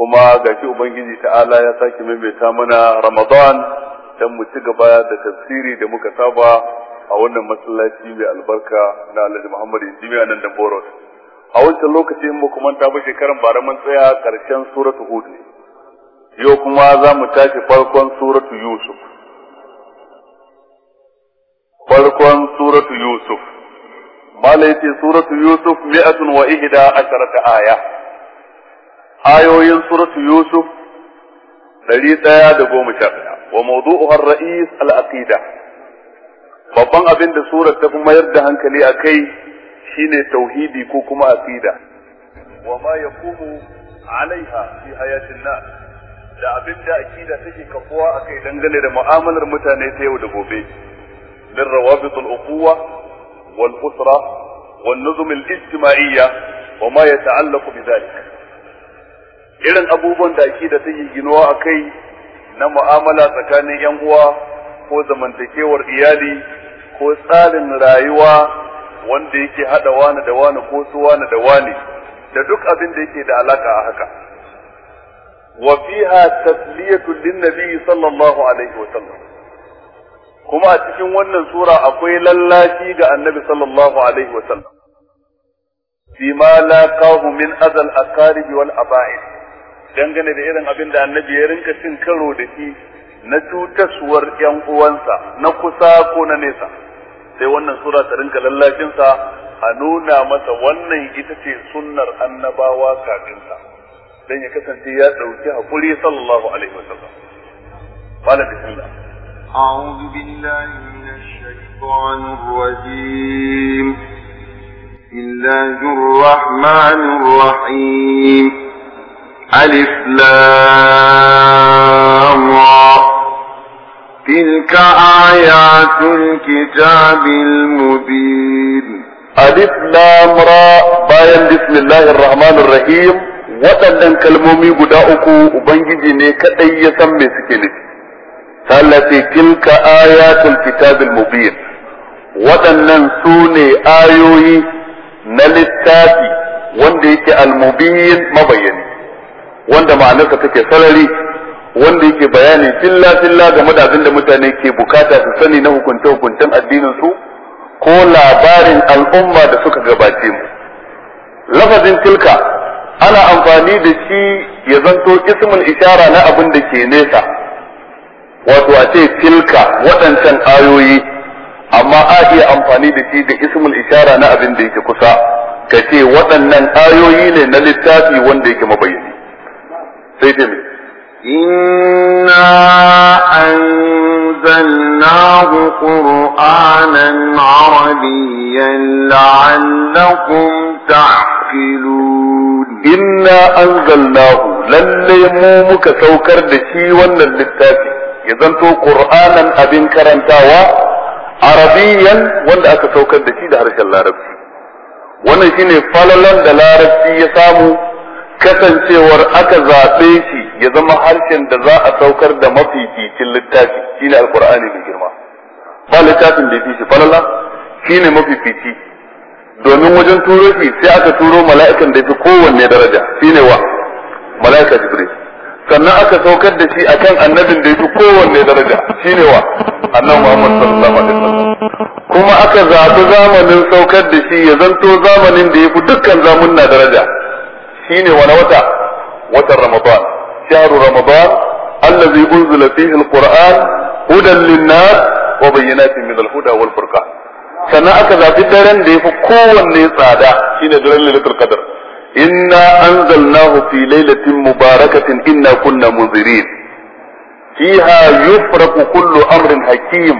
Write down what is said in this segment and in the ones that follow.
kuma gashi ubangiji ta'ala ya sake maimaita mana ramadan dan mu ci gaba da tafsiri da muka saba a wannan masallaci mai albarka na Alhaji Muhammad Jimi a nan da Boros a wancan lokacin mu kuma ta bi shekaran bara mun tsaya karshen suratu Hud yau kuma za mu tashi farkon suratu Yusuf farkon suratu Yusuf mala yace suratu Yusuf mi'atun wa ihda asharata aya ayoyin suratu yusuf ɗari ɗaya da goma sha wa mawdu'uha ar-ra'is al-aqida babban abin da surar ta fi mayar da hankali a kai shine tauhidi ko kuma aqida wa ma yaqumu alaiha fi hayatin nas da abin da aqida take kafuwa akai dangane da mu'amalar mutane ta yau da gobe Min rawabit al-uquwa wal usra wal nuzum al-ijtima'iyya wa ma yata'allaqu bi dhalika irin abubuwan da ake da ta take ginuwa a kai na mu'amala tsakanin 'yan uwa ko zamantakewar iyali ko tsarin rayuwa wanda yake haɗa wani da wani ko su wani da wani da duk abin da yake da alaka a haka wa fiha tasliyatu linnabi sallallahu alaihi wa sallam kuma a cikin wannan sura akwai lallafi ga annabi sallallahu alaihi wa sallam bima kahu min azal aqarib wal aba'id dangane da irin abin da annabi ya rinka cin karo da shi na cutaswar yan uwansa na kusa ko na nesa sai wannan sura ta rinka lallafinsa a nuna masa wannan ita ce sunnar annabawa kafinsa dan ya kasance ya dauki hakuri sallallahu alaihi wasallam qala bismillah a'udhu billahi minash shaitanir rajim bismillahir rahmanir rahim ألف لام تلك آيات الكتاب المبين ألف لام را باين بسم الله الرحمن الرحيم وتلن كلمومي بداؤكو وبنجي نيكا أي يسمي سكيلك التي تلك آيات الكتاب المبين وتلن سوني آيوي نلتاتي وندي المبين مبيني wanda ma'anarsa take sarari wanda yake bayani filla filla game da abin da mutane ke bukata su sani na hukunce hukuncen addinin su ko labarin al'umma da suka gabace mu lafazin tilka ana amfani da shi ya zanto ismin ishara na abin da ke nesa wato a ce tilka waɗancan ayoyi amma a iya amfani da shi da ismul ishara na abin da yake kusa ka ce waɗannan ayoyi ne na littafi wanda yake mabayyani sai إنا أنزلناه قرآنا عربيا لعلكم تعقلون إنا أنزلناه للي مو سوكر دشي ولا للتاتي يزنتو قرآنا أبين كرنتاوا عربيا ولا أك سوكر دشي ده الله ربي وانا شيني فللا ده يسامو kasancewar aka zaɓe shi ya zama harshen da za a saukar da mafificin littafi shine alqur'ani mai girma ba littafin da fi shi falala shine mafifici domin wajen turo shi sai aka turo mala'ikan da fi kowanne daraja shine wa mala'ika jibril sannan aka saukar da shi akan annabin da ya fi kowanne daraja shine wa annabi Muhammad sallallahu alaihi wasallam kuma aka zaɓi zamanin saukar da shi ya zanto zamanin da ya fi dukkan zamunna daraja shine wani wata watan ramadan shahru ramadan allazi unzila fihi alquran hudan linnas wa bayyinatin min alhuda wal furqan sannan aka zabi daren da yafi kowanne tsada shine daren lailatul qadr inna anzalnahu fi lailatin mubarakatin inna kunna munzirin fiha yufraku kullu amrin hakim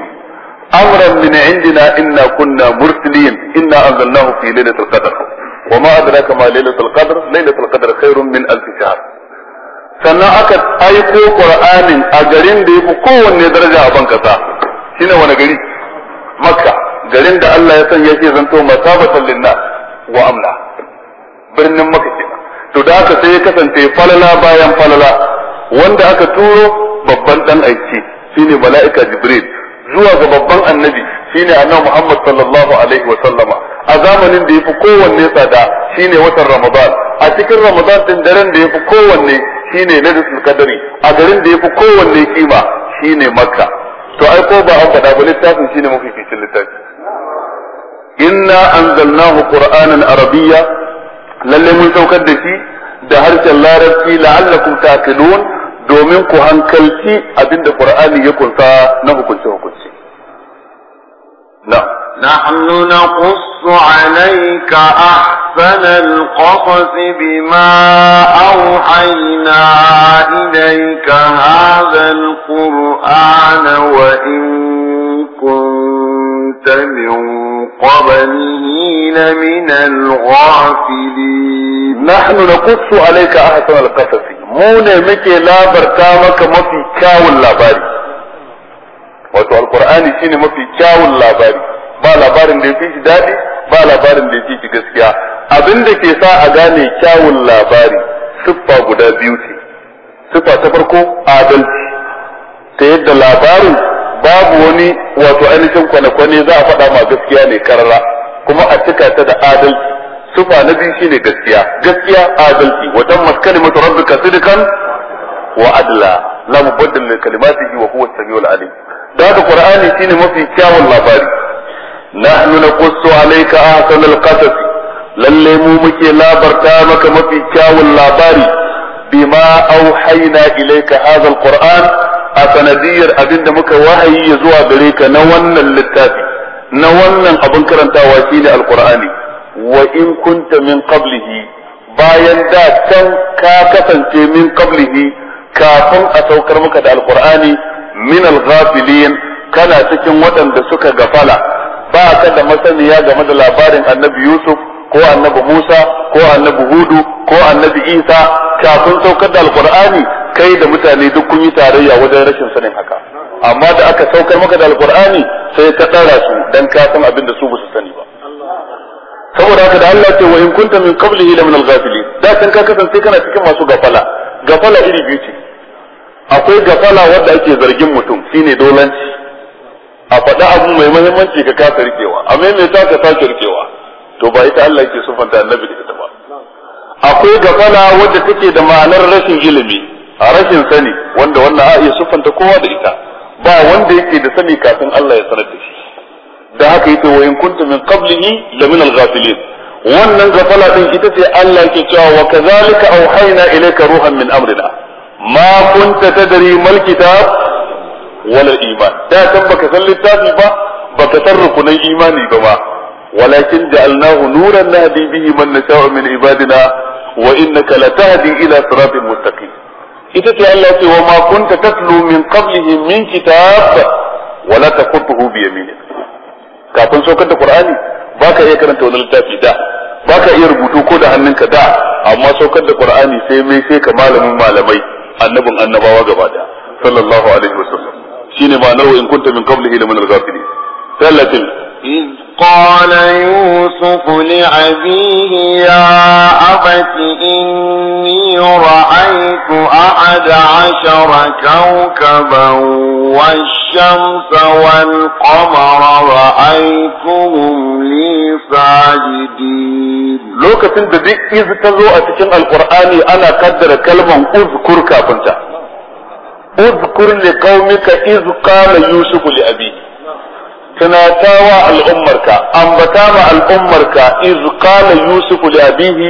amran min indina inna kunna mursilin inna anzalnahu fi lailatul qadr wa ma adraka ma lailatul qadr lailatul qadr khairun min alf sannan aka aiko qur'anin a garin da ya fi kowanne daraja a ban kasa shine wani gari makka garin da Allah ya sanya shi zanto masabatan linnas wa amna birnin makka kenan to da aka sai ya kasance falala bayan falala wanda aka turo babban dan aiki shine mala'ika jibril zuwa ga babban annabi shine annabi Muhammad sallallahu alaihi wa sallam a zamanin da ya fi kowanne tsada shine watan Ramadan a cikin Ramadan din daren da yafi kowanne shine Lailatul Qadri a garin da yafi kowanne kima shine Makka to ai ko ba an faɗa ba littafin shine mafificin littafi inna anzalnahu qur'anan arabiyya lalle mun saukar da shi da harshen larabci la'allakum taqilun domin ku hankalci abinda qur'ani ya kunsa na hukunce hukunci لا نحن نقص عليك أحسن القصص بما أوحينا إليك هذا القرآن وإن كنت من قبله لمن الغافلين نحن نقص عليك أحسن القصص مو ne لا labarta maka كاول لا باري wato alqur'ani shine mafi kyawun labari ba labarin da yafi shi dadi ba labarin da yafi shi gaskiya abin da ke sa a gane kyawun labari siffa guda biyu ce siffa ta farko adalci ta yadda labarin babu wani wato ainihin kwane-kwane za a faɗa ma gaskiya ne karara kuma a cika ta da adalci sufa na biyu shine gaskiya gaskiya adalci wajen dan kalimatu rabbika sidqan wa adla la mubaddil li kalimatihi wa huwa as-sami'ul alim da haka qur'ani shine mafi kyawun labari nahnu naqussu alayka ahsanal qasas lalle mu muke labarta maka mafi kyawun labari bima auhayna ilayka hadha alquran a sanadiyar abinda muka wahayi ya zuwa gare ka na wannan littafi na wannan abin karantawa shine alkur'ani wa in kunta min qablihi bayan da can ka kasance min qablihi kafin a saukar maka da alkur'ani min al-ghafilin kana cikin waɗanda suka gafala ba ka da masaniya game da labarin annabi Yusuf ko annabi Musa ko annabi Hudu ko annabi Isa kafin saukar da alkur'ani kai da mutane duk kun yi tarayya wajen rashin sanin haka amma da aka saukar maka da alqur'ani sai ka tsara su dan ka san abin da su ba su sani ba saboda haka da Allah ce wa in kunta min qablihi la min al-ghafilin da san ka kasance kana cikin masu gafala gafala iri biyu ce akwai gafala wanda ake zargin mutum shine dolanci a faɗi abu mai muhimmanci ka kasa rikewa a maimaita ka sake rikewa to ba ita Allah ke sufanta annabi da ita ba akwai gafala wadda take da ma'anar rashin ilimi a rashin sani wanda wannan a iya sufanta kowa da ita ba wanda yake da sani kafin Allah ya sanar da shi da haka yake wa in kuntum min qablihi lamin al-ghafilin wannan gafala din ita ce Allah ke cewa wa kazalika auhayna ilayka ruhan min amrina Makunta ta tadri mal kitab wala iman da san baka san littafi ba baka san rukunin imani ba ma walakin ja'alnahu nuran nahdi bihi man nasha'u min ibadina wa innaka latahdi ila siratin mustaqim ita ce Allah ce wa ma kunta tatlu min qablihi min kitab wala taqutuhu bi yaminik kafin saukar da Qur'ani baka iya karanta wani littafi da baka iya rubutu ko da hannun ka da amma saukar da Qur'ani sai mai ka malamin malamai annabin annabawa gaba daya sallallahu alaihi wasallam shine wa in kunta min qablihi lamin al-ghafilin إذ قال يوسف لعبيه يا أبت إني رأيت أحد عشر كوكبا والشمس والقمر رأيتهم لي ساجدين سند دي إذ تزوء تكن القرآن أنا قدر كلمة أذكرك كافنتا اذكر لقومك إذ قال يوسف لأبيه tunatawa al'ummarka ambata ma al'ummarka iz qala yusuf li abihi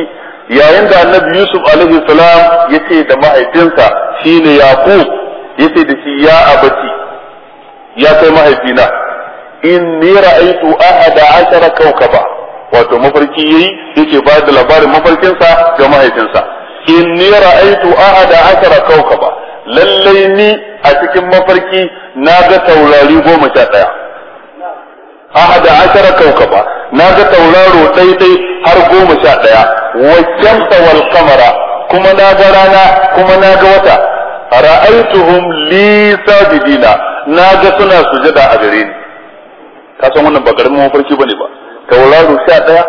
yayin da annabi yusuf alaihi salam yace da mahaifinsa shine yaqub yace da shi ya abati ya kai mahaifina inni ra'aytu ahada ashara kawkaba wato mafarki yayi yake ba da labarin mafarkinsa ga mahaifinsa inni ra'aytu ahada ashara kawkaba lallai ni a cikin mafarki na ga taurari goma sha ɗaya ahada asara kaukaba na ga tauraro daidai har goma sha ɗaya wajen wal kamara kuma na ga rana kuma na ga wata ra'aituhum li sajidina na ga suna sujada a gare ni ka san wannan ba karamin mafarki bane ba tauraro sha ɗaya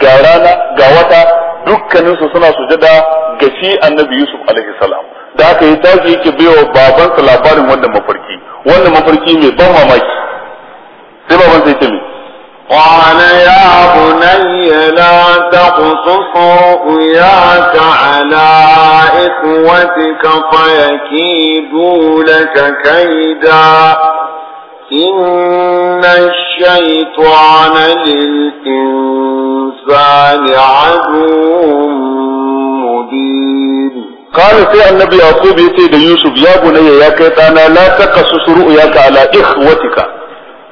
ga rana ga wata dukkaninsu suna sujada ga shi annabi yusuf alaihi salam da haka yi tashi yake baiwa babansa labarin wannan mafarki wannan mafarki mai ban mamaki سيتمي قال يا بني لا تقصص رؤياك على إخوتك فيكيدوا لك كيدا إن الشيطان للإنسان عدو مبين قال في النبي يعقوب يتي يوسف يا بني يا كيتانا لا تقصص رؤياك على إخوتك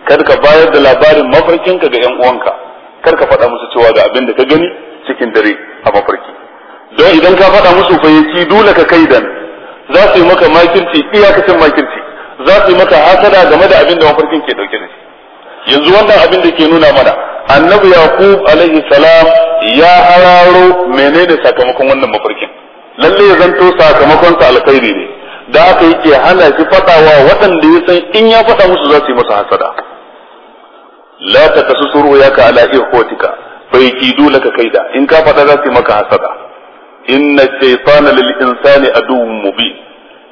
kar ka bayar da labarin mafarkinka ga yan uwanka kar ka faɗa musu cewa ga abin da ka gani cikin dare a mafarki don idan ka faɗa musu fayyaci dole ka kaidan za su yi maka makirci iyakacin makirci za su yi maka hasada game da abin da mafarkin ke dauke da shi yanzu wannan abin da ke nuna mana annabi yaqub alaihi salam ya hararo menene sakamakon wannan mafarkin lalle ya zanto sakamakonsa sa alkhairi ne da aka yake hana shi faɗawa waɗanda ya san in ya faɗa musu za su yi masa hasada la takasusu ru'yaka ala ikhwatika faykidu laka kaida in ka fada za su maka hasada inna shaytana lil insani aduwwun mubin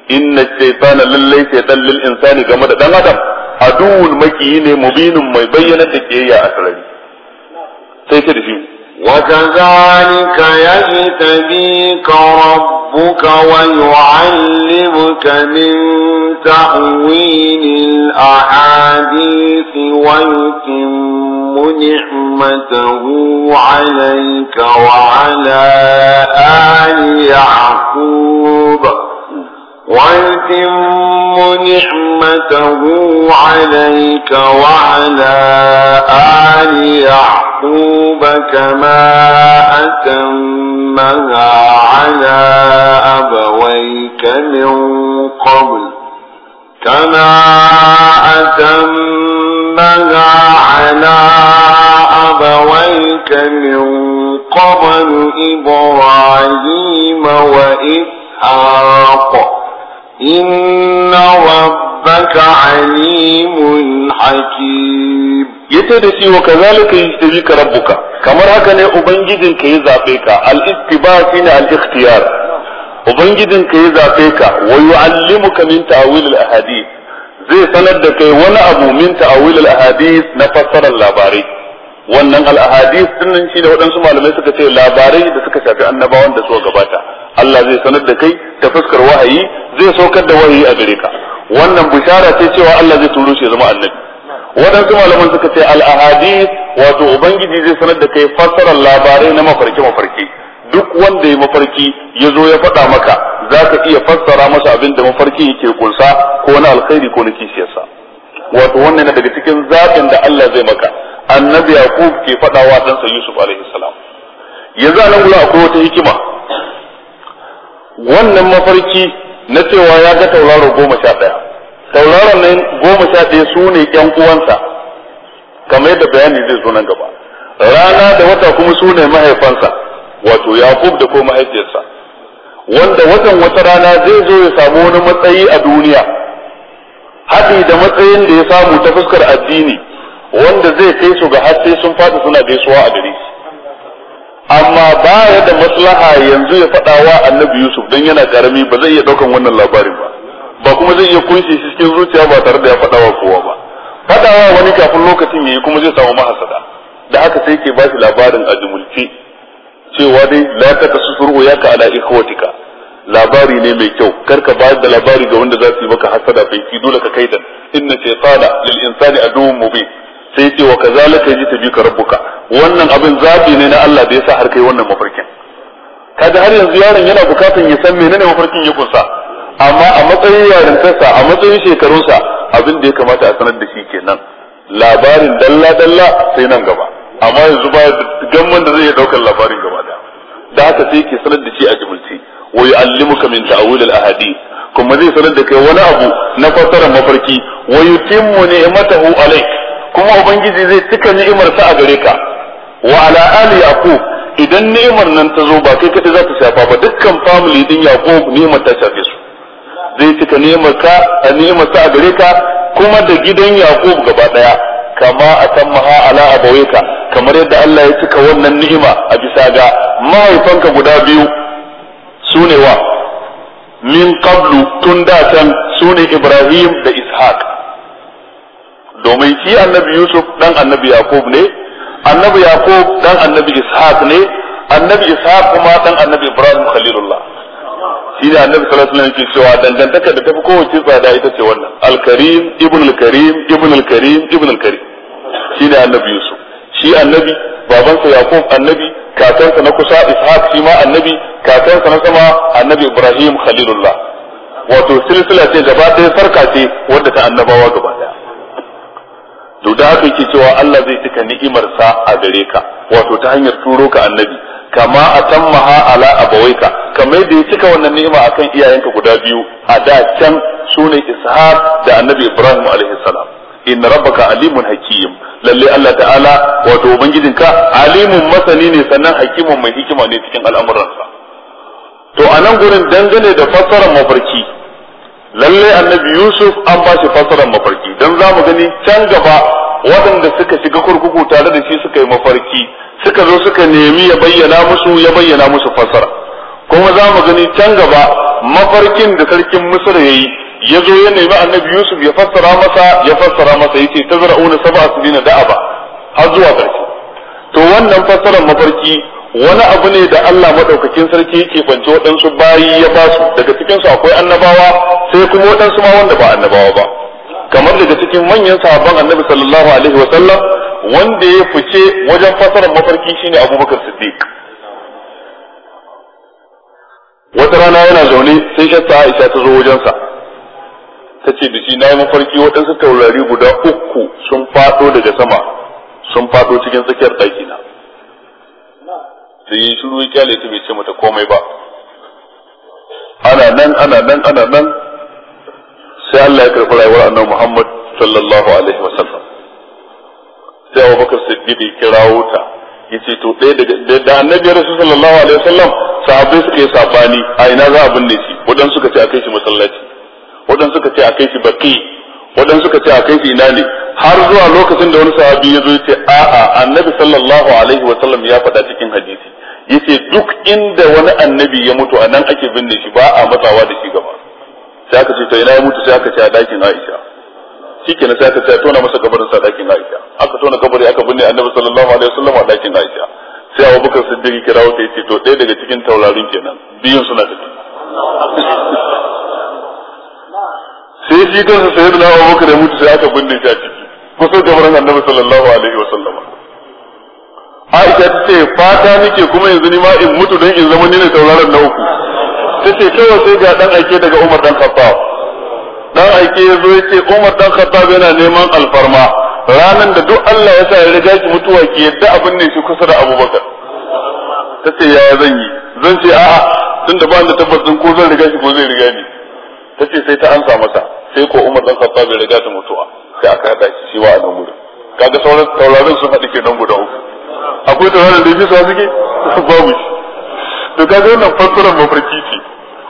inna shaytana lallai shaytan lil insani game da dan adam aduwwun makiyi ne mubinun mai bayyana da a sarari وكذلك يجتبيك ربك ويعلمك من تأويل الأحاديث ويتم نعمته عليك وعلى آل يعقوب ويتم نعمته عليك وعلى آل يعقوب كما أتمها على أبويك من قبل كما أتمها على أبويك من قبل إبراهيم وإسحاق إن ربك عليم حكيم yace da shi wa kazalika yajtabika rabbuka kamar haka ne ubangijin ka ya zabe ka al-ittiba shine al-ikhtiyar ubangijin ka ya zabe ka wa yu'allimuka min ta'wil al-ahadith zai sanar da kai wani abu min ta'wil al-ahadith na fassarar labarai wannan al'ahadis ahadith din shi da waɗansu malamai suka ce labarai da suka shafi annabawan da suka gabata Allah zai sanar da kai ta fuskar wahayi zai saukar da wahayi a gare ka wannan bishara ce cewa Allah zai turo shi zama annabi waɗansu malaman suka ce al'ahadis, wato ubangiji zai sanar da kai fassarar labarai na mafarki mafarki duk wanda ya mafarki ya zo ya faɗa maka za ka iya fassara masa abin da mafarki yake kunsa ko na alkhairi ko na kishiyarsa wato wannan daga cikin zaɓin da Allah zai maka annabi yaqub ke faɗawa ɗansa yusuf alaihi salam yanzu a nan akwai wata hikima wannan mafarki na cewa ya ga tauraro goma sha ɗaya tauraron nan goma sha ɗaya su ne ƴan uwansa kamar yadda bayani zai zo nan gaba rana da wata kuma su ne mahaifansa wato yaqub da ko mahaifiyarsa wanda watan wata rana zai zo ya samu wani matsayi a duniya haɗi da matsayin da ya samu ta fuskar addini wanda zai kai su ga har sai sun faɗi suna gaisuwa a gare shi amma baya da maslaha yanzu ya faɗa wa annabi yusuf don yana karami ba zai iya ɗaukan wannan labarin ba ba kuma zai iya kunshi shi cikin zuciya ba tare da ya faɗa wa kowa ba Faɗawa wa wani kafin lokacin yayi kuma zai samu mahasada da haka sai ke ba shi labarin a jumulce cewa dai la ta kasu ya ka ala ikhwatika labari ne mai kyau karka ba da labari ga wanda za su yi maka hasada bai ki dole ka kai da inna shaytana lil insani aduwwun mubin sai ce wa kazalika yajtabika rabbuka wannan abin zabi ne na Allah da yasa har kai wannan mafarkin kaga har yanzu yaron yana bukatan ya san menene mafarkin ya kunsa amma a matsayin yarintarsa a matsayin shekarunsa abin da ya kamata a sanar da shi kenan labarin dalla dalla sai nan gaba amma yanzu ba gamman da zai iya daukar labarin gaba da da haka sai ke sanar da shi a jimilci wa yu'allimuka min ta'wil al ahadi kuma zai sanar da kai wani abu na fasarar mafarki wa yutimmu ni'matahu alayk kuma ubangiji zai cika ni'imar sa a gare ka wa ala ali yaqub idan ni'imar nan ta zo ba kai kadai za ta shafa ba dukkan family din yaqub ni'imar ta shafe su zai cika ni'imar ka a ni'imar sa a gare ka kuma da gidan yaqub gaba daya kama maha ala abawayka kamar yadda Allah ya cika wannan ni'ima a bisa ga mahaifanka guda biyu ne wa min qablu tun da can ne Ibrahim da Ishaq domin shi annabi yusuf dan annabi yaqub ne annabi yaqub dan annabi ishaq ne annabi ishaq kuma dan annabi ibrahim khalilullah shi ne annabi sallallahu alaihi wasallam yake cewa dangantaka da tafi kowace tsada ita ce wannan Alkarim, ibn alKarim, ibn alKarim, ibn al shi ne annabi yusuf shi annabi babansa yaqub annabi kakansa na kusa ishaq shi ma annabi kakansa na sama annabi ibrahim khalilullah wato silsila ce gaba ɗaya sarka ce wadda ta annabawa gaba to da haka yake cewa Allah zai cika ni'imarsa a gare ka wato ta hanyar turo ka annabi kama a maha ala abawaika kamar yadda ya cika wannan ni'ima akan iyayenka guda biyu a da can sune Ishaq da Annabi Ibrahim alaihi salam inna rabbaka alimun hakim lalle Allah ta'ala wato ubangijinka alimun masani ne sannan hakimun mai hikima ne cikin al'amuransa to anan gurin dangane da fassarar mafarki lalle annabi yusuf an ba shi fasaran mafarki don za mu gani can gaba waɗanda suka shiga kurkuku tare da shi suka yi mafarki suka zo suka nemi ya bayyana musu ya bayyana musu fasara kuma za mu gani can gaba mafarkin da sarkin misra ya yi ya zo ya nemi annabi yusuf ya fassara masa ya fassara masa ya ce yace tazra'una sab'a sinina da'aba har zuwa ƙarshe to wannan fassarar mafarki wani abu ne da Allah madaukakin sarki yake bance waɗansu bayi ya ba su daga cikin akwai annabawa sai kuma waɗansu ma wanda ba annabawa ba kamar daga cikin manyan sahabban annabi sallallahu alaihi wa sallam wanda ya fice wajen fasarar mafarki shine Abubakar Siddiq wata rana yana zaune sai shatta Aisha ta zo wajensa ta ce da shi na yi mafarki waɗansu taurari guda uku sun faɗo daga sama sun faɗo cikin tsakiyar ɗakina. sai yi shiru ya kyale ta bai ce mata komai ba ana nan ana nan ana nan sai Allah ya karɓi rayuwar annabi Muhammad sallallahu alaihi wasallam sai Abu Bakar Siddiq ya kirawo ta yace to dai daga da annabi Rasul sallallahu alaihi wasallam sahabbai suka yi sabani a ina za a binne shi wadan suka ce a shi masallaci wadan suka ce a shi baki wadan suka ce a shi ina ne har zuwa lokacin da wani sahabi ya zo ya ce a'a annabi sallallahu alaihi wasallam ya faɗa cikin hadisi yace duk inda wani annabi ya mutu a nan ake binne shi ba a matsawa da shi gaba sai aka ce to ina ya mutu sai aka ce a dakin Aisha shike na sai aka ce tona masa kabarin sa dakin Aisha aka tona kabari aka binne annabi sallallahu alaihi wasallam a dakin Aisha sai Abu Bakar Siddiq kirawo ta yace to ɗaya daga cikin taurarin kenan biyun suna tafi sai shi kansa sayyidina Abu Bakar ya mutu sai aka binne shi a ciki kusa kabarin annabi sallallahu alaihi wasallam Aisha ta ce fata nike kuma yanzu ni ma in mutu don in zama ni ne sauraron na uku ta ce kawai sai ga dan aike daga Umar dan Khattab dan aike ya zo ya ce Umar dan Khattab yana neman alfarma ranan da duk Allah ya sa ya riga ki mutuwa ki yadda abin ne shi kusa da Abubakar ta ce yaya zan yi zan ce a'a tun da ba da tabbacin ko zan riga shi ko zai riga ni ta ce sai ta ansa masa sai ko Umar dan Khattab ya riga ta mutuwa sai aka haɗa shi wa a nan gurin kaga sauran sauraron sun haɗu kenan guda uku akwai tauraron da ya suke babu shi to kaga wannan fassarar mafarki ce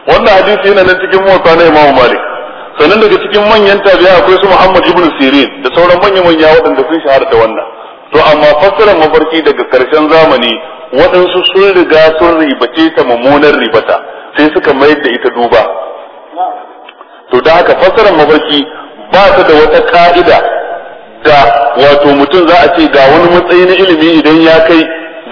wannan hadisi yana nan cikin mawasa na Imam Malik sannan daga cikin manyan tabi'a akwai su Muhammad ibn Sirin da sauran manyan manya waɗanda sun shahara da wannan to amma fassarar mafarki daga karshen zamani waɗansu sun riga sun ribace ta mummunar ribata sai suka mayar da ita duba to da haka fassarar mafarki ba ta da wata ka'ida da wato mutum za a ce ga wani matsayi na ilimi idan ya kai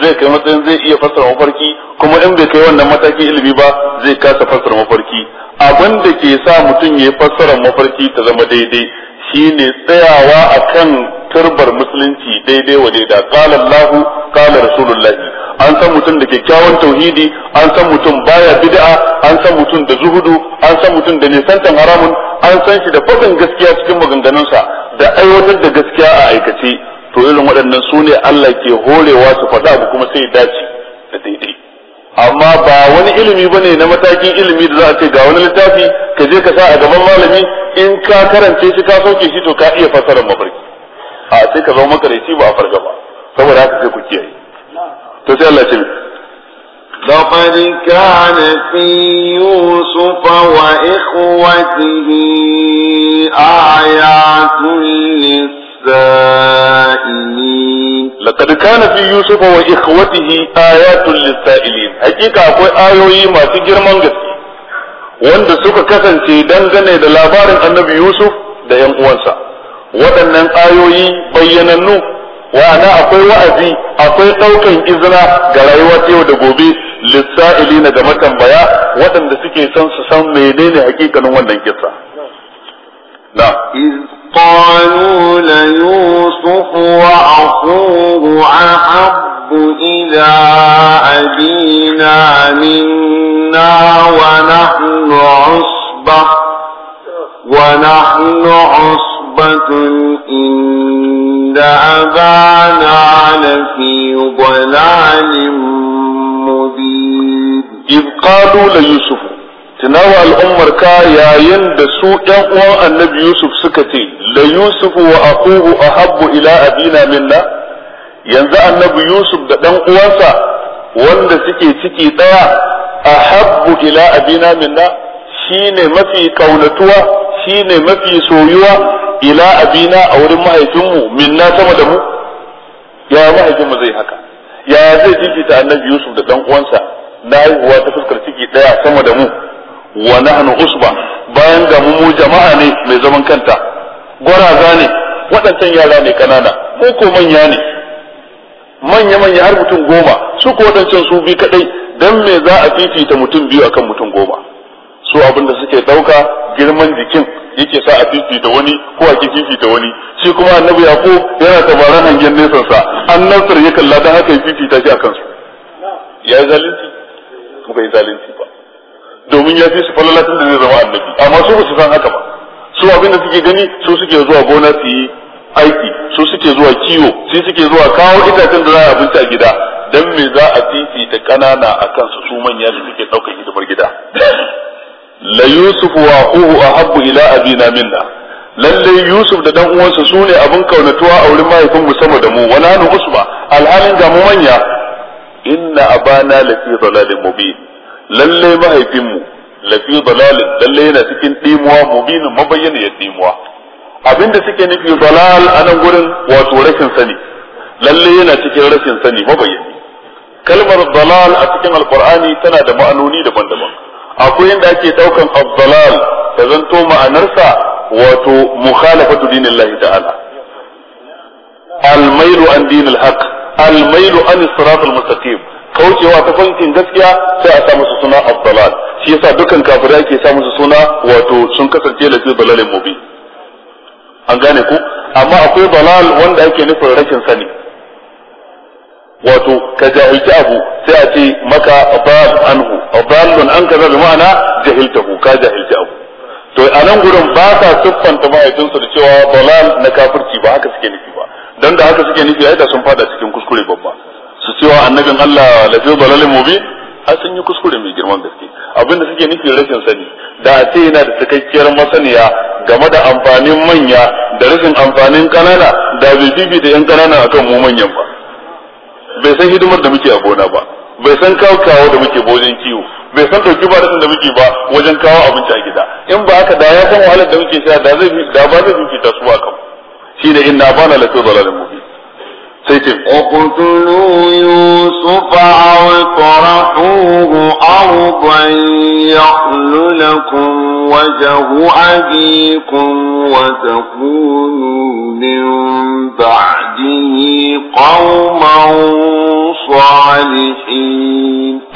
zai kai matsayin zai iya fassara mafarki kuma in bai kai wannan matakin ilimi ba zai kasa fassara mafarki abin da ke sa mutum ya fassara mafarki ta zama daidai shine tsayawa a kan turbar musulunci daidai wa daida qala Allahu qala Rasulullah an san mutum da kyakkyawan tauhidi an san mutum baya Bida'a, an san mutum da zuhudu an san mutum da nisantan haramun an san shi da fasin gaskiya cikin maganganunsa da aiwatar da gaskiya a aikace to irin waɗannan su ne Allah ke horewa su faɗa abu kuma sai dace da daidai amma ba wani ilimi ba ne na matakin ilimi da za a ce ga wani littafi ka je ka sa a gaban malami in ka karance shi ka sauke shi to ka iya fassarar mafarki a sai ka zama makareci ba a farga ba saboda haka sai ku kiyaye to sai Allah ce لقد كان في يوسف وإخوته آيات للسائلين لقد كان في يوسف وإخوته آيات للسائلين حقيقة أقول آيوي ما تجر منغس wanda suka kasance dangane da labarin annabi Yusuf da ‘yan uwansa, waɗannan ayoyi bayyanannu wa'ana akwai wa'azi akwai ɗaukan izina ga rayuwa ta yau da gobe lissa'ilina ga matambaya waɗanda suke son su san menene hakikanin wannan kissa na قالوا ليوسف وأخوه أحب إلى أبينا منا ونحن عصبة ونحن عصبة إن أبانا لفي ضلال iz qalu la yusuf tunawa al'ummar ka yayin da su ɗan uwan annabi yusuf suka ce la yusuf wa aquhu ahabbu ila abina minna yanzu annabi yusuf da ɗan uwansa wanda suke ciki ɗaya ahabbu ila abina minna shine mafi kaunatuwa shine mafi soyuwa ila abina a wurin mahaifinmu minna sama da mu ya mahaifinmu zai haka ya zai fifita annabi yusuf da ɗan uwansa na haihuwa ta fuskar ciki daya sama da mu wa nahnu usba bayan ga mu jama'a ne mai zaman kanta gwaraza ne waɗancan yara ne kanana ko ko manya ne manya manya har mutum goma su ko waɗancan su bi kadai dan me za a fifita mutum biyu akan mutum goma su abinda suke dauka girman jikin yake sa a fifita wani ko a fifita wani shi kuma annabi yaqo yana tabaran hangen nesansa annasar ya kalla dan haka fifita shi akan su ya zalunci yi zalunci ba domin ya fi su falalatin da zai zama annabi amma su ba su san haka ba su abinda suke gani su suke zuwa gona su yi aiki su suke zuwa kiwo su suke zuwa kawo itacen da za a abinci a gida dan me za a ta kanana akan su su manya da suke daukar hidimar gida la yusuf wa uhu ahabbu ila abina minna lalle Yusuf da dan uwansa su ne abin kaunatuwa a wurin mahaifin mu sama da mu wala nu usba alhalin ga mu manya inna abana lafi dhalalin mubin lalle mahaifinmu lafi dalalin lalle yana cikin dimuwa mubin mabayyana ya dimuwa abinda suke nufi dalal anan gurin wato rashin sani lalle yana cikin rashin sani mabayyani kalmar dalal a cikin alqur'ani tana da ma'anoni daban-daban akwai inda ake daukan ad-dalal ta zanto ma'anarsa wato mukhalafatu dinillahi ta'ala al-mailu an dinil haqq al-mailu an sirat al-mustaqim kaucewa ta fankin gaskiya sai a sa musu suna abdalal shi yasa dukkan kafirai ke sa musu suna wato sun kasance da su dalalin mubi an gane ku amma akwai dalal wanda ake nufin rashin sani wato ka jahilci abu sai a ce maka abal anhu abalun an kaza bi ma'ana jahiltahu ka jahilci abu to a nan gurin ba sa siffanta mahaifinsu da cewa dalal na kafirci ba haka suke nufi ba dan da haka suke nufi ai da sun fada cikin kuskure babba su cewa annabin Allah lafi dalalin mubi a sun yi kuskure mai girman gaske abinda suke nufi rashin sani da a ce yana da cikakkiyar masaniya game da amfanin manya da rashin amfanin kanana da bai da yan kanana akan mu manyan ba bai san hidimar da muke a gona ba bai san kawo kawo da muke wajen kiwo bai san dauki ba da muke ba wajen kawo abinci a gida in ba haka da ya san wahalar da muke sha da zai da ba zai fifita su ba kam shine inna bana lafi dalalin mubi sai ce uqtulu yusufa aw tarahuhu ardan yahlu lakum wajhu abikum wa takunu min ba'dihi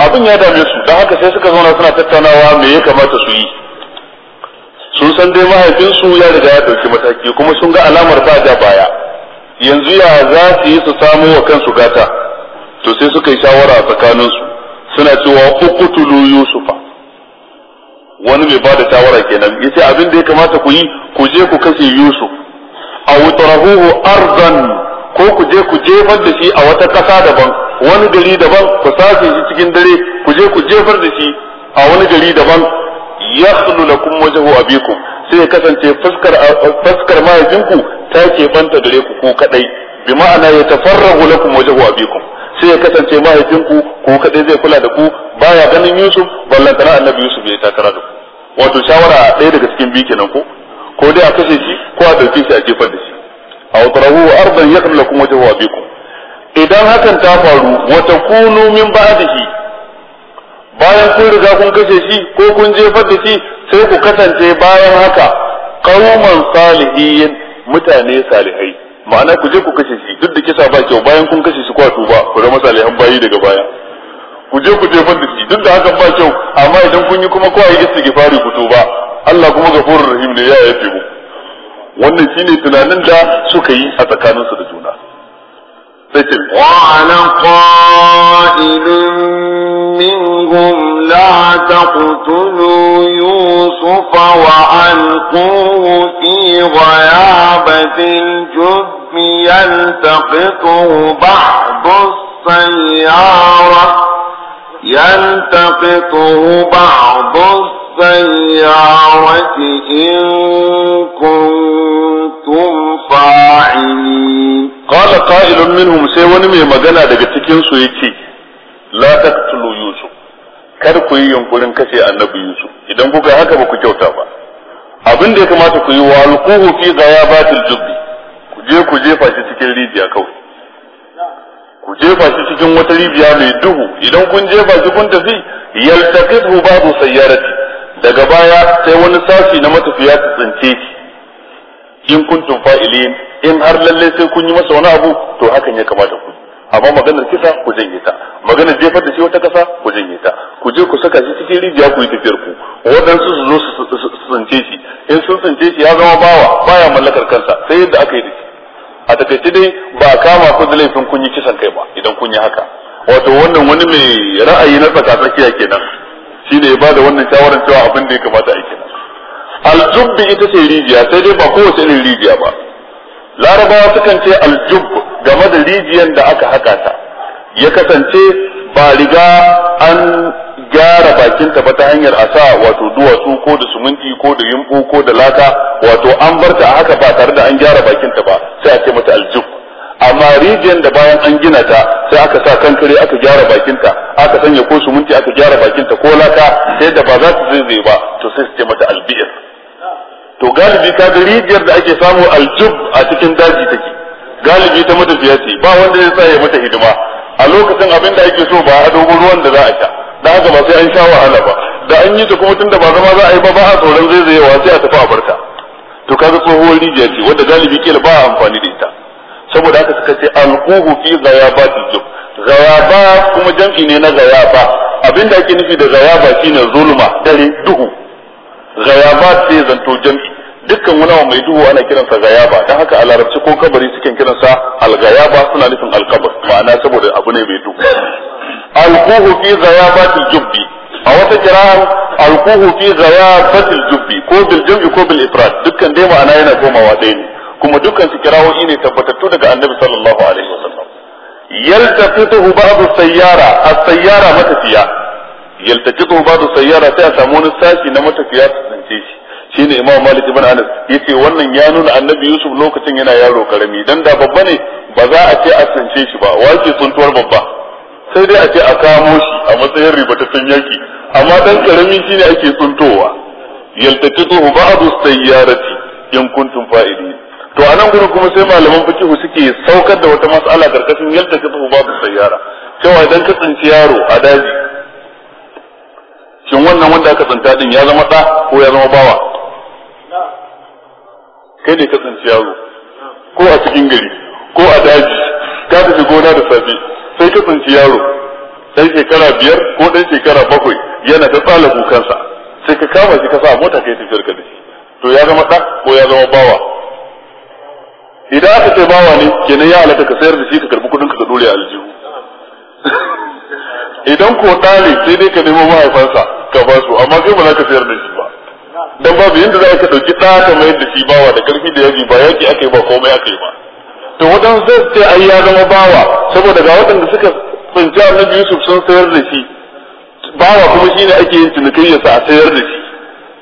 abin ya dame su don haka sai suka zauna suna tattaunawa me ya kamata su yi sun san dai mahaifinsu ya riga ya ɗauki mataki kuma sun ga alamar ba baya yanzu ya za su yi su samu wa kansu gata to sai suka yi shawara a tsakaninsu suna cewa ukutulu yusufa wani mai bada shawara kenan Ya yace abin da ya kamata ku yi ku je ku kashe yusuf aw tarahuhu arzan ko ku je ku jefar da shi a wata kasa daban wani gari daban ku sace shi cikin dare ku je ku jefar da shi a wani gari daban yakhlu lakum wajhu abikum sai ya kasance fuskar fuskar mahaifinku ta banta dare ku ku kadai bi ma'ana ya tafarragu lakum wajhu abikum sai ya kasance mahaifinku ku kadai zai kula da ku baya ganin Yusuf ballantana annabi Yusuf ya takara da ku wato shawara ɗaya daga cikin biki nan ko ko dai a kashe shi ko a dauke shi a jefar da shi a tarahu ardan yakun lakum wajhu abikum idan hakan ta faru wata kunu min ba'dihi bayan kun riga kun kashe shi ko kun jefar da shi sai ku kasance bayan haka qauman salihin mutane salihai ma'ana ku je ku kashe shi duk da kisa ba kyau bayan kun kashe shi kwa tuba ku zama salihan bayi daga baya ku je ku jefar da shi duk da hakan ba kyau amma idan kun yi kuma kwa yi istighfari ku tuba Allah kuma gafurur rahim ne ya yafe mu wannan shine tunanin da suka yi a tsakanin su da juna sai ce wa ana qa'ilun منهم لا تقتلوا يوسف وألقوه في غيابة الجب يلتقطه بعض السيارة يلتقطه بعض السيارة إن كنتم فاعلين قال قائل منهم سيوني مغنى دقتكين سويتي لا تقتلوا kar ku yi yunkurin kashe annabi Yusuf idan kuka haka ba ku kyauta ba abin da ya kamata ku yi wa alquhu fi ghayabatil jubbi ku je ku jefa shi cikin rijiya kawai ku jefa shi cikin wata rijiya mai duhu idan kun jefa shi kun tafi yaltaqithu babu sayyarati daga baya sai wani sashi na matafiya ta tsince shi in kuntum fa'ilin in har lalle sai kun yi masa wani abu to hakan ya kamata ku amma maganar kisa ku janye ta maganar jefar da shi wata kasa ku janye ta ku je ku saka shi cikin rijiya ku yi tafiyar ku waɗansu su zo su tsince shi in sun tsince shi ya zama bawa baya mallakar kansa sai yadda aka yi da shi a takaice dai ba a kama ku da laifin kun yi kisan kai ba idan kun yi haka wato wannan wani mai ra'ayi na tsakatsakiya kenan shi ne ya bada wannan shawarar cewa abin da ya kamata a yi kenan aljubbi ita ce rijiya sai dai ba kowace irin rijiya ba larabawa sukan ce aljub game da rijiyar da aka haka ta ya kasance ba riga an gyara bakinta ba ta hanyar asa wato duwatsu ko da suminti ko da yumbu ko da laka wato an bar ta haka ba tare da an gyara bakinta ba sai a ce mata aljub amma rijiyar da bayan an gina ta sai aka sa kankare aka gyara bakinta aka sanya ko suminti aka gyara bakinta ko laka sai da ba za su zai ba to sai su ce mata albiyar to galibi ka ga rijiyar da ake samu aljub a cikin daji take galibi ta matafiya ce ba wanda ya sa ya mata hidima a lokacin abin da ake so ba a dogon ruwan da za a sha da haka ba sai an sha wahala ba da an yi ta kuma tunda ba zama za a yi ba ba a tsoron zaizayewa sai a tafi a barka to kaga tsohuwar rijiya ce wanda galibi kila ba a amfani da ita saboda haka suka ce alquhu fi ghayabati jub ghayaba kuma jam'i ne na ghayaba da ake nufi da ghayaba shine zulma dare duhu ghayabat sai zanto jam'i dukkan wani mai duhu ana kiransa gayaba dan haka a larabci ko kabari suke kiransa algayaba suna nufin alkabar ma'ana saboda abu ne mai duhu alquhu fi ghayabati jubbi a wata kira'an alquhu fi ghayabati jubbi ko bil jum'i ko bil ifrad dukkan dai ma'ana yana komawa ɗaya ne kuma dukkan su kirawoyi ne tabbatattu daga annabi sallallahu alaihi wasallam yaltaqituhu ba'd as-sayyara as-sayyara matafiya yaltaqituhu ba'd as-sayyara sai a samu wani sashi na matafiya shine imam malik ibn anas yace wannan ya nuna annabi yusuf lokacin yana yaro karami dan da babba ne ba za a ce a tsince shi ba wace tsuntuwar babba sai dai a ce a kamo shi a matsayin ta yaki amma dan karami shine ake tuntowa yaltaqituhu ba'du sayyarati in kuntum fa'ilin to a nan gudu kuma sai malaman fiqh suke saukar da wata mas'ala karkashin yadda ka sayyara cewa idan ka tsinci yaro a daji shin wannan wanda aka tsinta din ya zama da ko ya zama bawa kai ne ka yaro ko a cikin gari ko a daji ka tafi gona da safe sai ka yaro dan shekara biyar ko dan shekara bakwai yana ta tsala kukansa sai ka kama shi ka sa mota kai tafiyar ka da shi to ya zama ɗan ko ya zama bawa idan aka ce bawa ne kenan ya halatta ka sayar da shi ka karbi kudin ka ka dole aljihu idan ko ɗa ne sai dai ka nemo mahaifansa ka ba su amma kai ba za ka sayar da shi dan babu yanda za ka dauki da ka mayar da shi bawa da karfi da yaji ba yaki yi ba komai yi ba to wadan zai ce ai ya zama bawa saboda ga waɗanda suka tsinci annabi Yusuf sun sayar da shi bawa kuma shine ake yin sa a sayar da shi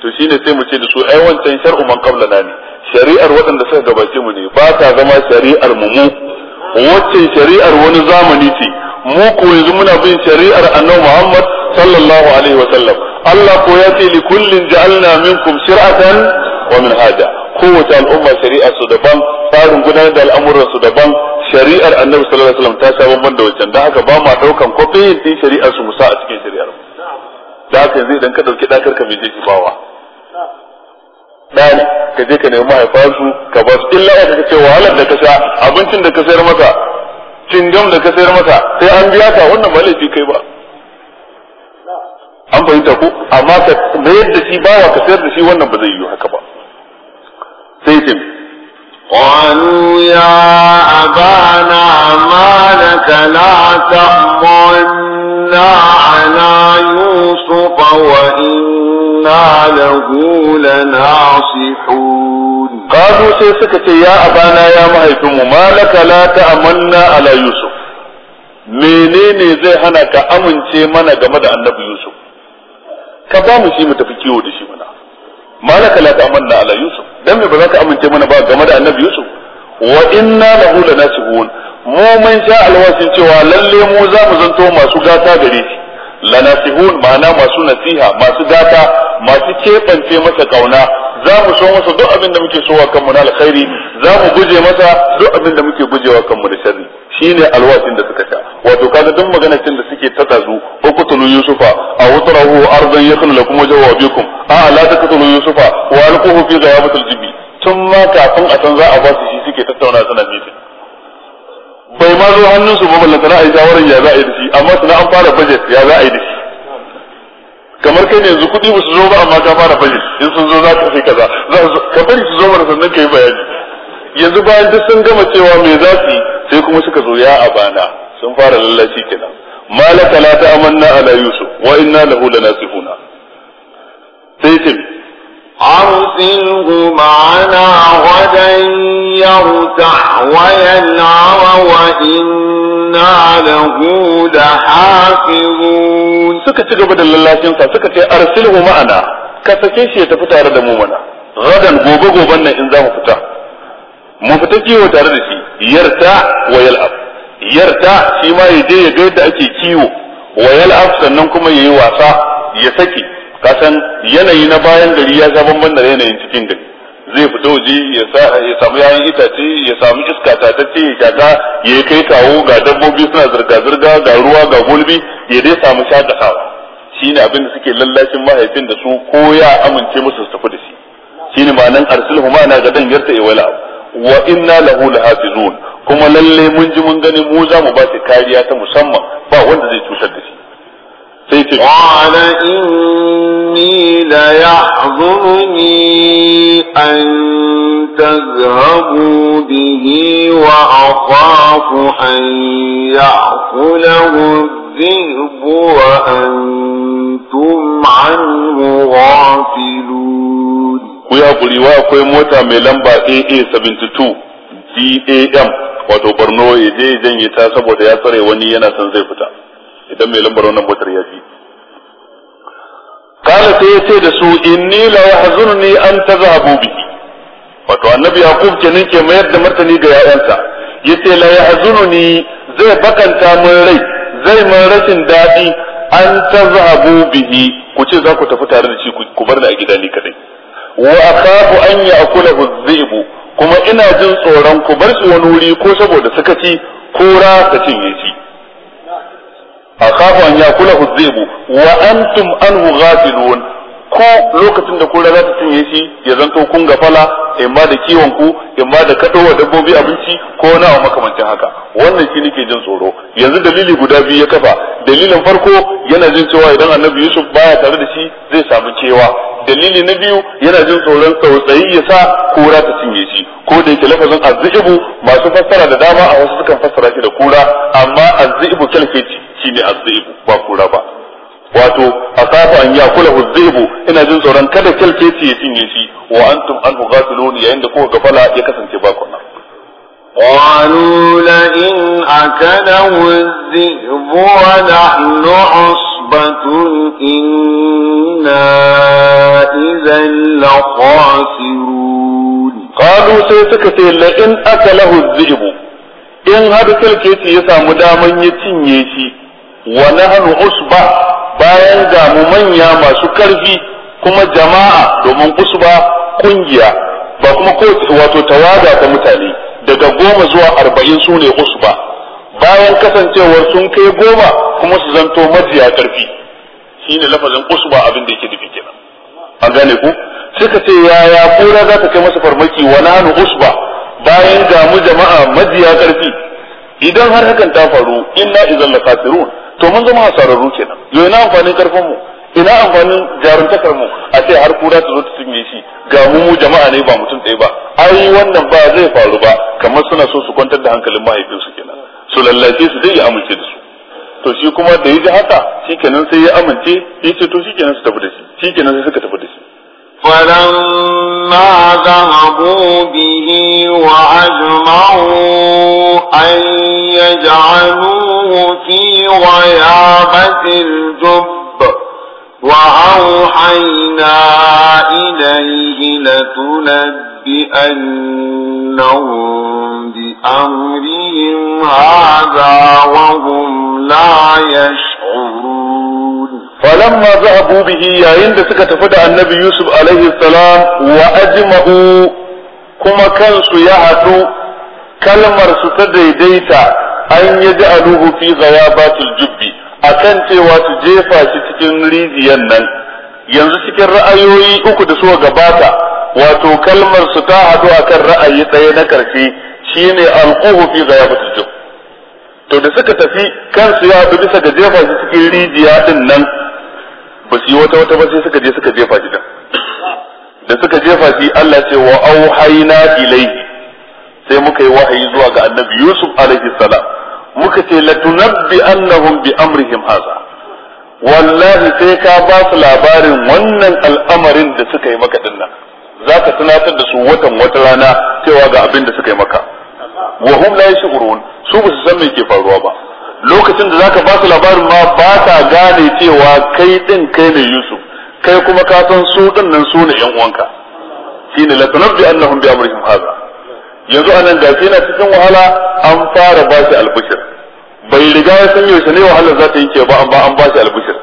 to shine sai mu ce da su ai wancan shar'u man na ne shari'ar waɗanda suka gabace mu ne ba ta zama shari'ar mu mu wacce shari'ar wani zamani ce mu ko yanzu muna bin shari'ar annabi Muhammad sallallahu alaihi wa sallam Allah ko ya ce likullin ja'alna minkum shir'atan wa minhaja kowace al'ummar shari'a su daban tsarin gudanar da al'amuran su daban shari'ar annabi sallallahu alaihi wasallam ta sha bamban da wancan da haka ba ma daukan kofin din shari'ar su musa a cikin shari'ar mu da haka yanzu idan ka dauki dakar ka mije ki bawa dan ka je ka nemi mahaifansu illa ce wahalar da ka sha abincin da ka sayar masa cingam da ka sayar sai an biya ta wannan ba laifi kai ba an fahimta ko amma ka mayar da shi bawa ka sayar da shi wannan ba zai yi haka ba sai ce قالوا يا أبانا ما لك لا تأمنا على يوسف وإنا له لناصحون قالوا سيسكت يا أبانا يا مهيتم ما لك لا تأمنا على يوسف menene zai hana ka amince mana game da annabi Yusuf ka ba mu shi mu tafi kiwo da shi mana malaka la ta'manna ala yusuf dan me ba za ka amince mana ba game da annabi yusuf wa inna lahu lanasihun mu mun sha alwasin cewa lalle mu za mu zanto masu gata gare shi lanasihun ma'ana masu nasiha masu gata masu kebance masa kauna za mu so masa duk abin da muke so wa kanmu na alkhairi za mu guje masa duk abin da muke gujewa kanmu da sharri shine alwasin da suka sha wato kaga duk magana cin da suke ta tazu ko kutulu yusufa a wutrahu ardan yakun lakum wajhu abikum a la takutulu yusufa wa alquhu fi ghayabatil jibi tun ma kafin a san za a ba su shi suke tattauna suna meeting bai ma zo hannun su ba ballanta na a yi shawarar ya za a yi da shi amma suna an fara budget ya za a yi da shi kamar kai ne yanzu kuɗi ba su zo ba amma ka fara budget in sun zo za ka sai kaza za ka bari su zo mana sannan ka yi bayani yanzu bayan duk sun gama cewa me za su yi sai kuma suka zo ya a bana sun fara lallashi kenan malaka la ta'amanna ala yusuf wa inna lahu lanasihuna sai ce أرسله معنا غدا يرتع ويلعب وإنا له لحافظون suka ci gaba da lallacinsa suka ce arsilhu ma'ana ka sake shi ya tafi tare da mu mana gadan gobe goben nan in za mu fita mu fita kiwo tare da shi yarta wa yal'af yarta shi ma ya je ya ga yadda ake kiwo wa yal'af sannan kuma ya yi wasa ya sake kasan yanayi na bayan gari ya sha bamban da yanayin cikin gari zai fito ji ya samu yayin itace ya samu iska ce ya ta ya kai kawo ga dabbobi suna zirga-zirga ga ruwa ga gulbi ya dai samu shakatawa shine abin da suke lallashin mahaifin da su ko ya amince musu su tafi da shi Shi shine ma'anan arsilhu ma na gadan yarta iwala wa inna lahu lahafizun kuma lalle mun ji mun gani mu za mu ba shi kariya ta musamman ba wanda zai cutar da shi sai ce qala inni la yahzununi an tazhabu bihi wa akhafu an ya'kulahu الذئب وأنتم عنه غافلون ku ya wa akwai mota mai lamba AA72 DAM wato Borno ya je ya janye ta saboda ya tsare wani yana son zai fita idan mai lambar wannan motar ya ji kala sai ya ce da su inni la yahzunni an tazhabu bi. wato annabi yaqub kenan ke mayar da martani ga yayansa yace la yahzunni zai bakanta mun rai zai mun rashin daɗi an tazhabu bihi ku ce za ku tafi tare da shi ku bar ni a gida ni kadai wa akhafu an ya'kulahu adh-dhi'bu kuma ina jin tsoron ku bar su wani wuri ko saboda suka ci ko ra ta cinye shi akhafu an ya adh-dhi'bu wa antum anhu ghafilun ko lokacin da kura za ta cinye shi ya zanto kun gafala in ba da kiwon ku in ba da kadowa dabbobi abinci ko wani abu makamancin haka wannan shi nake jin tsoro yanzu dalili guda biyu ya kafa dalilin farko yana jin cewa idan annabi yusuf baya tare da shi zai samu cewa dalili na biyu yana jin tsoron tsautsayi ya sa kura ta cinye shi ko da yake lafazin azzibu masu fassara da dama a wasu sukan fassara shi da kura amma azzibu kalfe shi ne azzibu ba kura ba wato asafa an kula dhibu ina jin tsoron kada kyalkeci ya cinye shi wa antum an ghafilun yayin da kuka gafala ya kasance ba ku قالوا لئن أكله الذئب ونحن عصبة إنا إذا لخاسرون قالوا سيسكتي لئن أكله الذئب إن هذا wa nahnu usba bayan ga mu manya masu karfi kuma jama'a domin usba kungiya ba kuma ko wato tawaga ta mutane daga goma zuwa arba'in su ne usba bayan kasancewar sun kai goma kuma su zanto majiya karfi shine lafazin usba abin da yake dubi kenan an gane ku suka ce yaya kura za ta kai masa farmaki wa nahnu usba bayan ga mu jama'a majiya karfi idan har hakan ta faru inna idan la to mun zama hasararru kenan yau ina amfanin karfin mu ina amfanin jaruntakar mu a ce har kura ta zo ta cinye shi ga mu mu jama'a ne ba mutum ɗaya ba ai wannan ba zai faru ba kamar suna so su kwantar da hankalin mahaifinsu kenan su lallace su zai yi amince da su to shi kuma da ya ji haka shikenan sai ya amince ya ce to shikenan su tafi da shi shikenan sai suka tafi da shi فلما ذهبوا به وأجمعوا أن يجعلوه في غيابة الجب وأوحينا إليه لتنبئنهم بأمرهم هذا وهم لا يشعرون فلما ذهبوا به عند سكة فدع النبي يوسف عليه السلام وأجمعوا كما كانوا يهتوا kalmar su ta daidaita an yi ji aluhu fi ghayabatil jubbi a akan cewa su jefa shi cikin rijiyan nan yanzu cikin ra'ayoyi uku da suka gabata wato kalmar su ta haɗu kan ra'ayi ɗaya na ƙarshe shine alquhu fi ghayabatil jubbi to da suka tafi kansu ya haɗu bisa ga jefa shi cikin rijiya din nan ba su yi wata wata ba sai suka je suka jefa shi da suka jefa shi Allah ce wa auhayna ilayhi sai muka yi wahayi zuwa ga annabi yusuf alaihi salam muka ce latunabbi annahum bi amrihim haza wallahi sai ka ba su labarin wannan al'amarin da suka yi maka dinnan za ka tunatar da su watan wata rana cewa ga abin da suka yi maka wa hum la yashurun su ba su san me ke faruwa ba lokacin da zaka ba su labarin ma ba ta gane cewa kai din kai ne yusuf kai kuma ka san su din nan su ne yan uwanka shine latunabbi annahum bi amrihim haza yanzu anan da sai na cikin wahala an fara ba shi albishir bai riga ya san yaushe ne wahalar za ta yi ke ba ba an ba shi albishir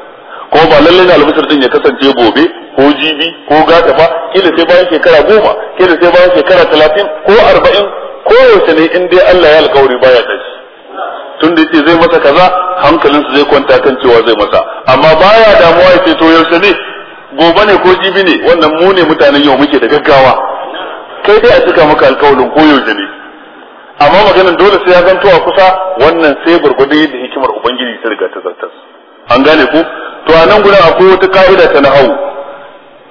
ko ba lallai ne albishir din ya kasance gobe ko jibi ko gata ba kila sai bayan shekara goma kila sai bayan shekara talatin ko arba'in ko yaushe ne in dai Allah ya alkawari baya tashi tun da yace zai masa kaza hankalinsa zai kwanta kan cewa zai masa amma baya damuwa yace to yaushe ne gobe ne ko jibi ne wannan mu ne mutanen yau muke da gaggawa kai dai a cika maka alƙawalin koyo ne amma maganin dole sai ya zanto a kusa wannan sai gurgudu da hikimar ubangiji ta riga ta zartas an gane ku to a nan gudan akwai wata ka'ida ta nahau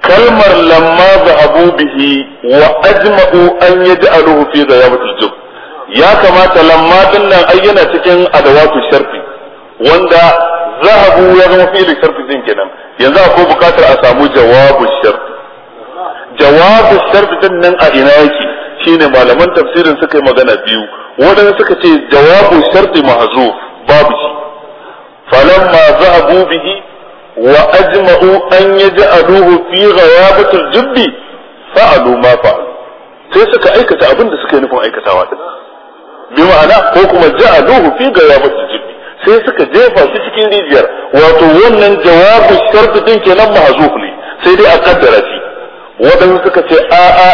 kalmar lamma abu bihi wa ajma'u an yaj'aluhu fi zayabatil ya kamata lamma din nan ai cikin adawatu sharfi wanda zahabu ya zama fi'il sharfi din kenan yanzu akwai bukatar a samu jawabu sharfi jawabu shart din nan a ina yake shine malaman tafsirin suka yi magana biyu wadanda suka ce jawabu shart mahzuf babu shi falamma zahabu bihi wa ajma'u an yaj'aluhu fi ghayabati al-jubb fa'alu ma fa'alu sai suka aikata abin da suka yi nufin aikatawa din bi ma'ana ko kuma ja'aluhu fi ghayabati al-jubb sai suka jefa shi cikin rijiyar wato wannan jawabu shart din kenan mahzuf ne sai dai a kaddara shi waɗansu suka ce a'a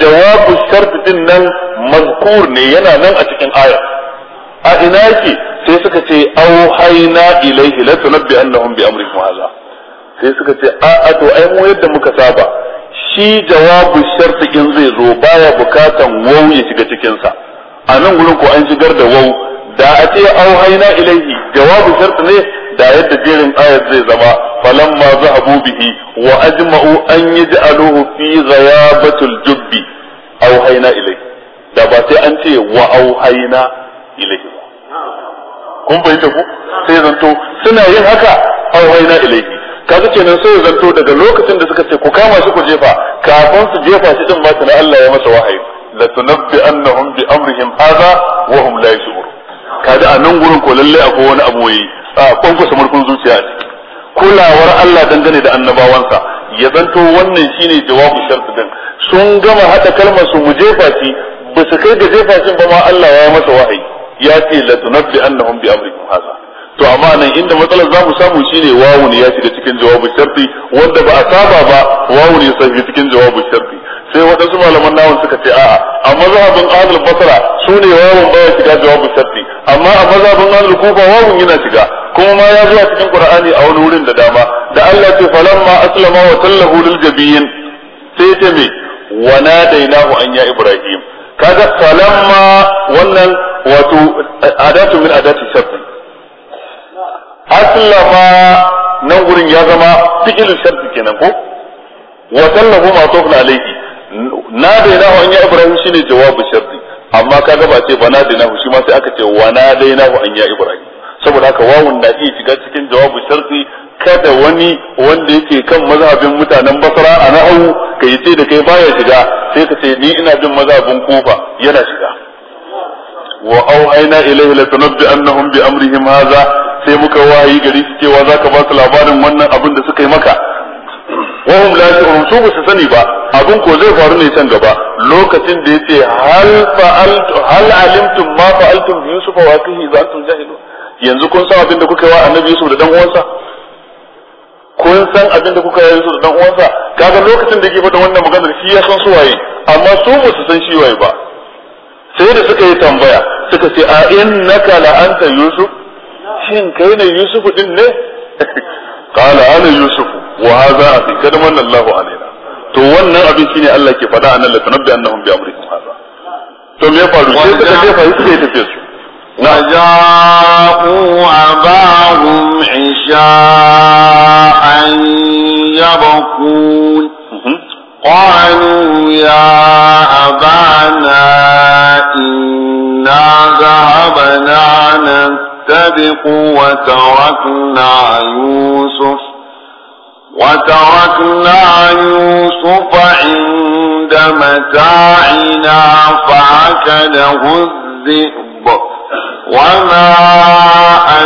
jawabu shart din nan mazkur ne yana nan a cikin aya a ina yake sai suka ce haina ilaihi la tunabbi annahum bi amri hadha sai suka ce a'a to ai mu yadda muka saba shi jawabu shart din zai zo baya bukatan wau ya shiga cikin sa a nan gurin ko an shigar da wau da a ce haina ilaihi jawabu shart ne da yadda jerin ayat zai zama falamma zahabu bihi wa ajma'u an yi yaj'aluhu fi ghayabatil jubbi aw hayna ilayhi da ba sai an ce wa aw hayna ilayhi kun fahimta ku sai zanto suna yin haka aw hayna ilayhi kaga kenan sai zanto daga lokacin da suka ce ku kama shi ku jefa kafin su jefa shi din ma na Allah ya masa wahayi la tunabbi annahum bi amrihim hadha wa hum la yashurun kaga a nan gurin ko lalle akwai wani abu yayi kwankwasa murfin zuciya a kulawar Allah dangane da annabawansa ya zanto wannan shine jawabu shartu din sun gama hada kalmar su mu jefa shi ba su kai ga jefa shi ba ma Allah ya masa wahayi ya ce la tunabbi annahum bi amrikum hadha to amma nan inda matsalar zamu samu shine wawu ne ya shiga cikin jawabu sharti wanda ba a saba ba wawu ne ya shiga cikin jawabu sharti sai waɗansu malaman nawon suka ce a'a amma zahabin adal basara su ne wawun baya shiga jawabu sharti amma a mazhabin ahlul kufa wawun yana shiga kuma ma ya zuwa cikin qur'ani a wani wurin da dama da Allah ce falamma aslama wa tallahu lil jabin sai ta me wa nadainahu an ya ibrahim kaga falamma wannan wato adatu min adati shart aslama nan gurin ya zama fi'il shart kenan ko wa tallahu ma tufla alayhi nadainahu an ya ibrahim shine jawabu sharti amma ka gaba ce bana da nahu shi ma sai aka ce wana dai na an ya ibrahim saboda haka wawun na iya shiga cikin jawabu sharti kada wani wanda yake kan mazhabin mutanen basra a hau ka yi ce da kai baya shiga sai ka ce ni ina bin mazhabin kufa yana shiga wa auhayna ilayhi la tunabbi annahum bi amrihim hadha sai muka wayi gari cewa zaka ba su labarin wannan abin da suka yi maka wahum la yashurun su su sani ba abun ko zai faru ne can gaba lokacin da yace hal fa'altu hal alimtum ma fa'altum bi yusuf wa akhihi idza antum jahilu yanzu kun san abin da kuka yi wa annabi yusuf da dan uwansa kun san abin da kuka yi yusuf da dan uwansa kaga lokacin da yake fata wannan magana shi ya san su waye amma su ba su san shi waye ba sai da suka yi tambaya suka ce a innaka la anta yusuf shin kai ne yusuf din ne qala ana yusuf wa hadha akhi kada manna Allah alaina to wannan abin shine Allah ke faɗa anan la annahum bi amrikum hadha to me faru sai suka jefa su sai tafiye su وجاءوا أباهم عشاء يبكون قالوا يا أبانا إنا ذهبنا نستبق وتركنا يوسف وتركنا يوسف عند متاعنا فأكله الذئب وما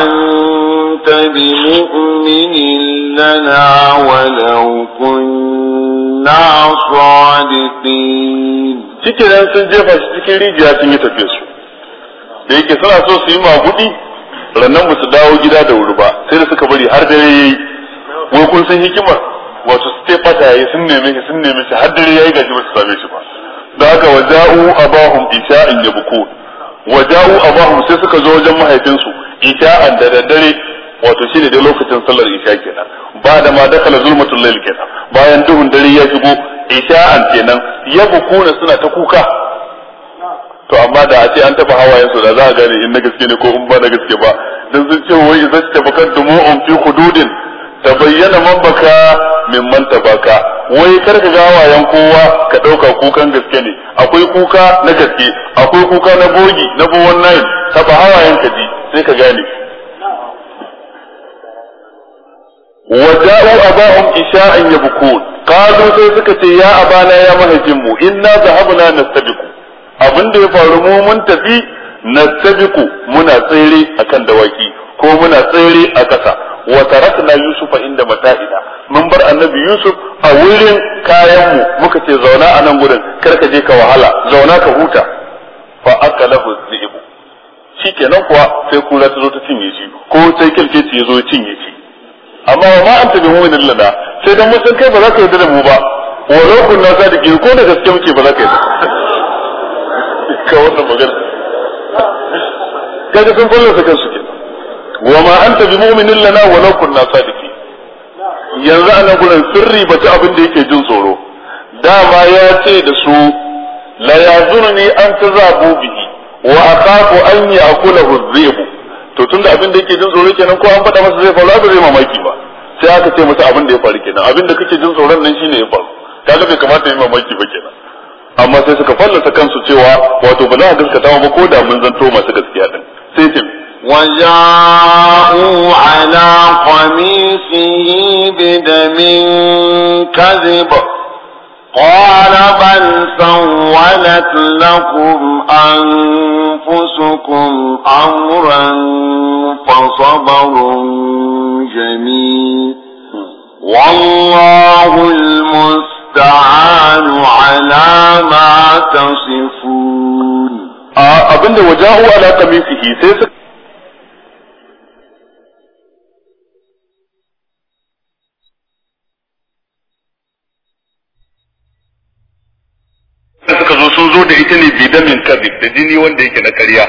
أنت بمؤمن لنا ولو كنا صادقين cikinan sun jefa shi cikin rijiya sun yi tafiye su da yake suna so su yi magudi rannan ba su dawo gida da wuri ba sai da suka bari har dare yayi wai kun san hikimar wato su ce fata yayi sun neme shi sun neme shi har dare yayi gaji ba su same shi ba da haka waja'u abahum isha'in yabkun waja'u abahum sai suka zo wajen mahaifinsu isha'an da daddare wato shine dai lokacin sallar isha kenan ba da ma dakala zulmatul layl kenan bayan duhun dare ya shigo isha'an kenan yabkuna suna ta kuka to amma da a ce an taba hawayen su da za a gane in na gaske ne ko in ba na gaske ba dan sun ce wai zasta bakan dumu'un fi hududin ta bayyana man baka min man tabaka wai kar ka gawayen kowa ka ɗauka kukan gaske ne akwai kuka na gaske akwai kuka na bogi na bowon nayin taba hawayen ka ji sai ka gane Wa وجاءوا أباهم إشاء يبكون قالوا سيسكة يا أبانا يا مهجم إنا ذهبنا نستبق abin da ya faru mu mun tafi na muna tsere akan dawaki ko muna tsere a ƙasa wa tarakna yusufa inda mata'ina mun bar annabi yusuf a wurin kayanmu mu muka ce zauna a nan gurin kar ka je ka wahala zauna ka huta fa akalahu dhibu shikenan kuwa sai kura ta zo ta cinye shi ko sai kirkeci ya zo cinye shi amma wa ma anta bi mu'minin lana sai dan musan kai ba za ka da ba wa gaske muke ba za ka ka magana wa ma anta bi mu'minin lana walau kunna sadiqin yanzu ana gurin sirri ba ta abin da yake jin tsoro dama ya ce da su la yazurni an tazabu bihi wa akhafu an ya'kulahu dhibu to tunda abin da yake jin tsoro kenan ko an faɗa masa zai faru ba zai mamaki ba sai aka ce masa abin da ya faru kenan abin da kake jin tsoron nan shine ya faru kaga bai kamata yi mamaki ba kenan amma sai suka fallasa kansu cewa wato ba za a gaskata ba ko da mun zanto masu gaskiya din sai ce وجاءوا على قميصه بدم كذب قال بل سولت لكم أنفسكم أمرا فصبر جميل والله المستعان على ما تصفون abinda waja'u ala qamisihi sai zo da ita ne bidamin da jini wanda yake na ƙarya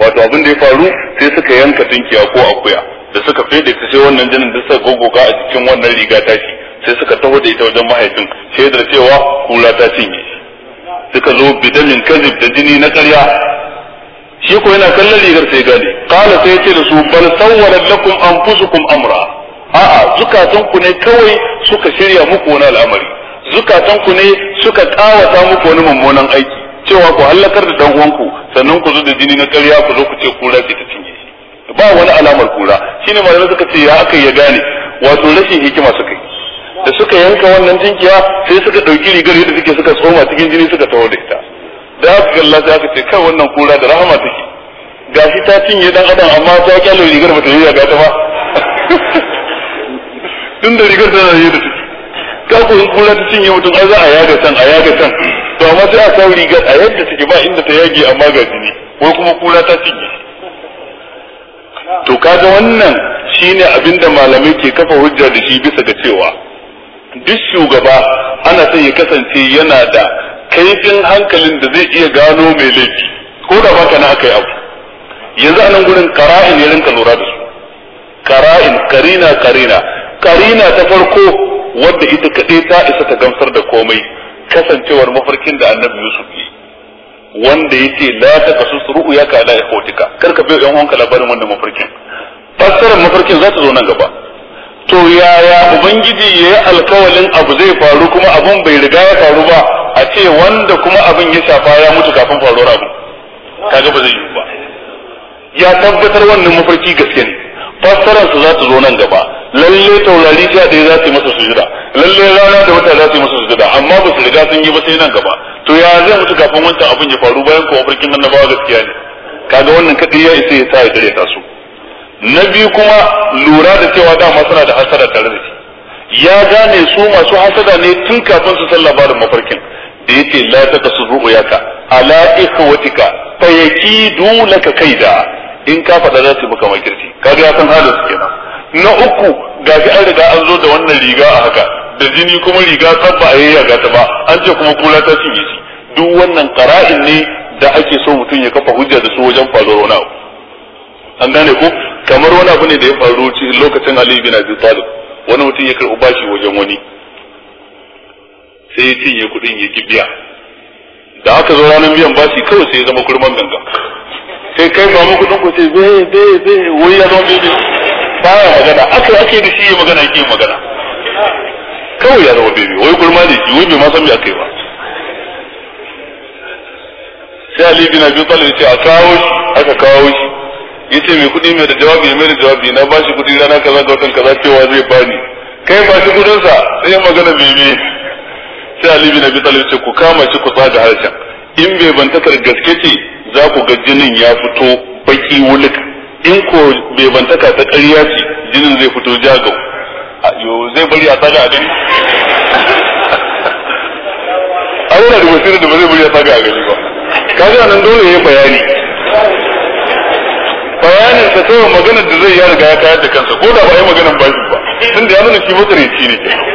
wato abin da ya faru sai suka yanka tunkiya ko akuya da suka fede ta sai wannan jinin da suka gogoga a jikin wannan riga ta shi sai suka taho da ita wajen mahaifin shaidar cewa kula ta cinye suka zo bidamin kadhib da jini na ƙarya shi ko yana kallon rigar sai gane kala sai ce da su bal sawwarat lakum anfusukum amra a'a zukatanku ne kawai suka shirya muku wani al'amari zukatan ne suka kawata muku wani mummunan aiki cewa ku hallakar da dan uwanku sannan ku zo da jini na ƙarya ku zo ku ce kura ce ta cinye ba wani alamar kura shine malamai suka ce ya aka ya gane wato rashin hikima suka yi da suka yanka wannan jinkiya sai suka ɗauki rigar yadda suke suka tsoma cikin jini suka tawo da ita da aka kalla sai aka ce kai wannan kura da rahama take gashi ta cinye dan adam amma ta kyalo rigar bata yi ga ta ba tun da rigar tana yi da ka ku kula ta cinye mutum ai za a yaga can a yaga can to amma sai a kawo rigar a yadda take ba inda ta yage amma ga jini ko kuma kula ta cinye to kaga wannan shine abinda malamai ke kafa hujja da shi bisa ga cewa duk shugaba ana son ya kasance yana da kaifin hankalin da zai iya gano mai laifi ko da baka na aka abu yanzu a nan gurin kara'in ya rinka lura da su kara'in karina karina karina ta farko wadda ita kaɗai ta isa ta gamsar da komai kasancewar mafarkin da annabi Yusuf yi wanda ya ce la ta kasu ru'u ya ka ala kar ka bai yan uwanka labarin wannan mafarkin fassarar mafarkin za ta zo nan gaba to yaya ubangiji ya yi alkawalin abu zai faru kuma abun bai riga ya faru ba a ce wanda kuma abin ya shafa ya mutu kafin faruwar abu kaga ba zai yiwu ba ya tabbatar wannan mafarki gaske ne fassararsa za ta zo nan gaba lalle taurari sha ɗaya za su yi masa sujuda lalle rana da wata za su yi masa sujuda amma ba su riga sun yi ba sai nan gaba to ya zai mutu kafin wancan abin ya faru bayan ko farkin bawa gaskiya ne kaga wannan kadai ya isa ya sa ya dare tasu su na biyu kuma lura da cewa dama suna da hasada tare da shi ya gane su masu hasada ne tun kafin su sallah barin mafarkin da yake la takasu ru'yaka ala ikhwatika fayakidu laka kaida in ka faɗa za su maka makirci kaga ya san halin su kenan na uku gashi an riga an zo da wannan riga a haka da jini kuma riga kan ba a ga ta ba an ce kuma kula ta cinye shi duk wannan qara'in ne da ake so mutum ya kafa hujja da su wajen faruwar wani abu an gane ko kamar wani abu ne da ya faru lokacin Ali bin Abi Talib wani mutum ya karɓi bashi wajen wani sai ya cinye kuɗin ya biya da aka zo ranar biyan bashi kawai sai ya zama kurman ganga sai kai ba mu kuɗin ku sai bai bai bai wai ya zama bai fara magana aka yi da shi yi magana yake magana kawai ya zama bebe wai gurma ne shi wai bai ma san me aka yi ba sai Ali bin Abi Talib ya ce a kawo shi aka kawo shi ce mai kuɗi mai da jawabi mai da jawabi na bashi kuɗi rana kaza ga watan kaza cewa zai bani kai ba shi kuɗin sa sai magana bebe sai Ali bin Abi Talib ce ku kama shi ku tsaga harshen in bai bantakar gaske ce za ku ga jinin ya fito baki wulika in ko bai bantaka ta ƙarya ce jinin zai fito jago zai bari a tsaga a gani a yana da wasirin da ba zai bari a tsaga a gani ba a nan dole ya bayani bayanin sa sai maganar da zai ya riga ya kayar da kansa ko da ba ya maganar bashi ba tunda ya nuna shi shi ne kenan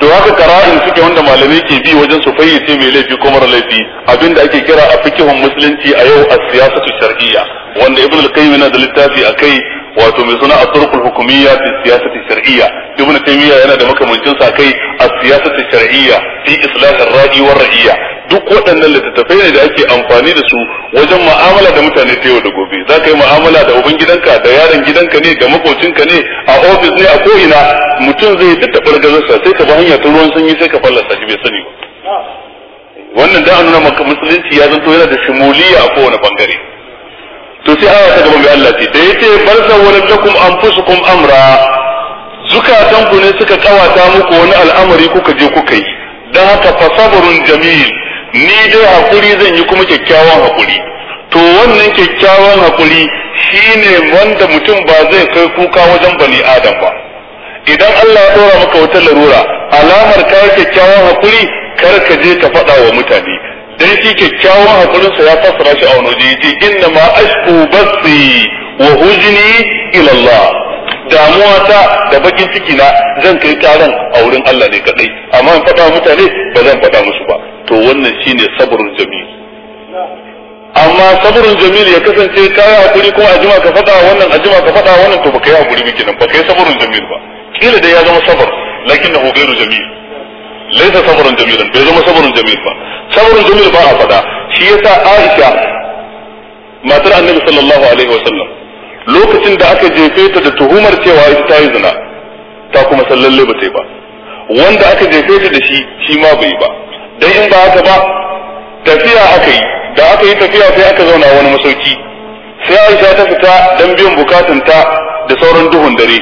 to haka kara'in suke wanda malamai ke bi wajen su fayyace mai laifi ko mara laifi abinda ake kira a fikihun musulunci a yau a siyasatu shar'iyya wanda ibn al-qayyim yana da littafi akai wato mai suna at-turqul hukumiyya fi siyasati shar'iyya ibn taymiya yana da makamancin sa kai a siyasati shar'iyya fi islah ar-ra'i ra'iyya duk waɗannan littattafai ne da ake amfani da su wajen mu'amala da mutane ta yau da gobe za ka yi mu'amala da uban gidanka da yaron gidanka ne da makocinka ne a ofis ne a ko'ina mutum zai ta taɓar sai ka ba hanya ta ruwan sanyi sai ka fallasa shi bai sani ba wannan da nuna maka musulunci ya zanto yana da shimuliya a kowane bangare to sai aya ta gaba mai Allah ce da yace bal sawwalat lakum anfusukum amra zukatan ku ne suka kawata muku wani al'amari kuka je kuka yi dan haka fa sabrun jamil ni dai hakuri zan yi kuma kyakkyawan hakuri to wannan kyakkyawan hakuri shine wanda mutum ba zai kai kuka wajen bani adam ba idan Allah ya dora maka wata larura alamar ka kyakkyawan hakuri kar ka je ka faɗa wa mutane dai shi kyakkyawan hakurin sa ya fassara shi a wani waje yace inna ma ashku basi wa huzni ila Allah damuwa ta da bakin ciki na zan kai karan a wurin Allah ne kadai amma in faɗa mutane ba zan faɗa musu ba to wannan shine sabrul jamil amma sabrul jamil ya kasance kai hakuri kuma ajima ka faɗa wannan ajima ka faɗa wannan to baka yi hakuri ba kenan baka yi sabrul jamil ba kila da ya zama sabar lakinnahu ghairu jamil laysa sabrun jamilan bai zama sabrun jamil ba saurin jami'in ba a faɗa shi yasa Aisha matar Annabi sallallahu alaihi wasallam lokacin da aka jefe ta da tuhumar cewa ita ta yi zina ta kuma sallalle ba ta yi ba wanda aka jefe ta da shi shi ma bai ba dan in ba haka ba tafiya aka yi da aka yi tafiya sai aka zauna wani masauki sai Aisha ta fita dan biyan ta da sauran duhun dare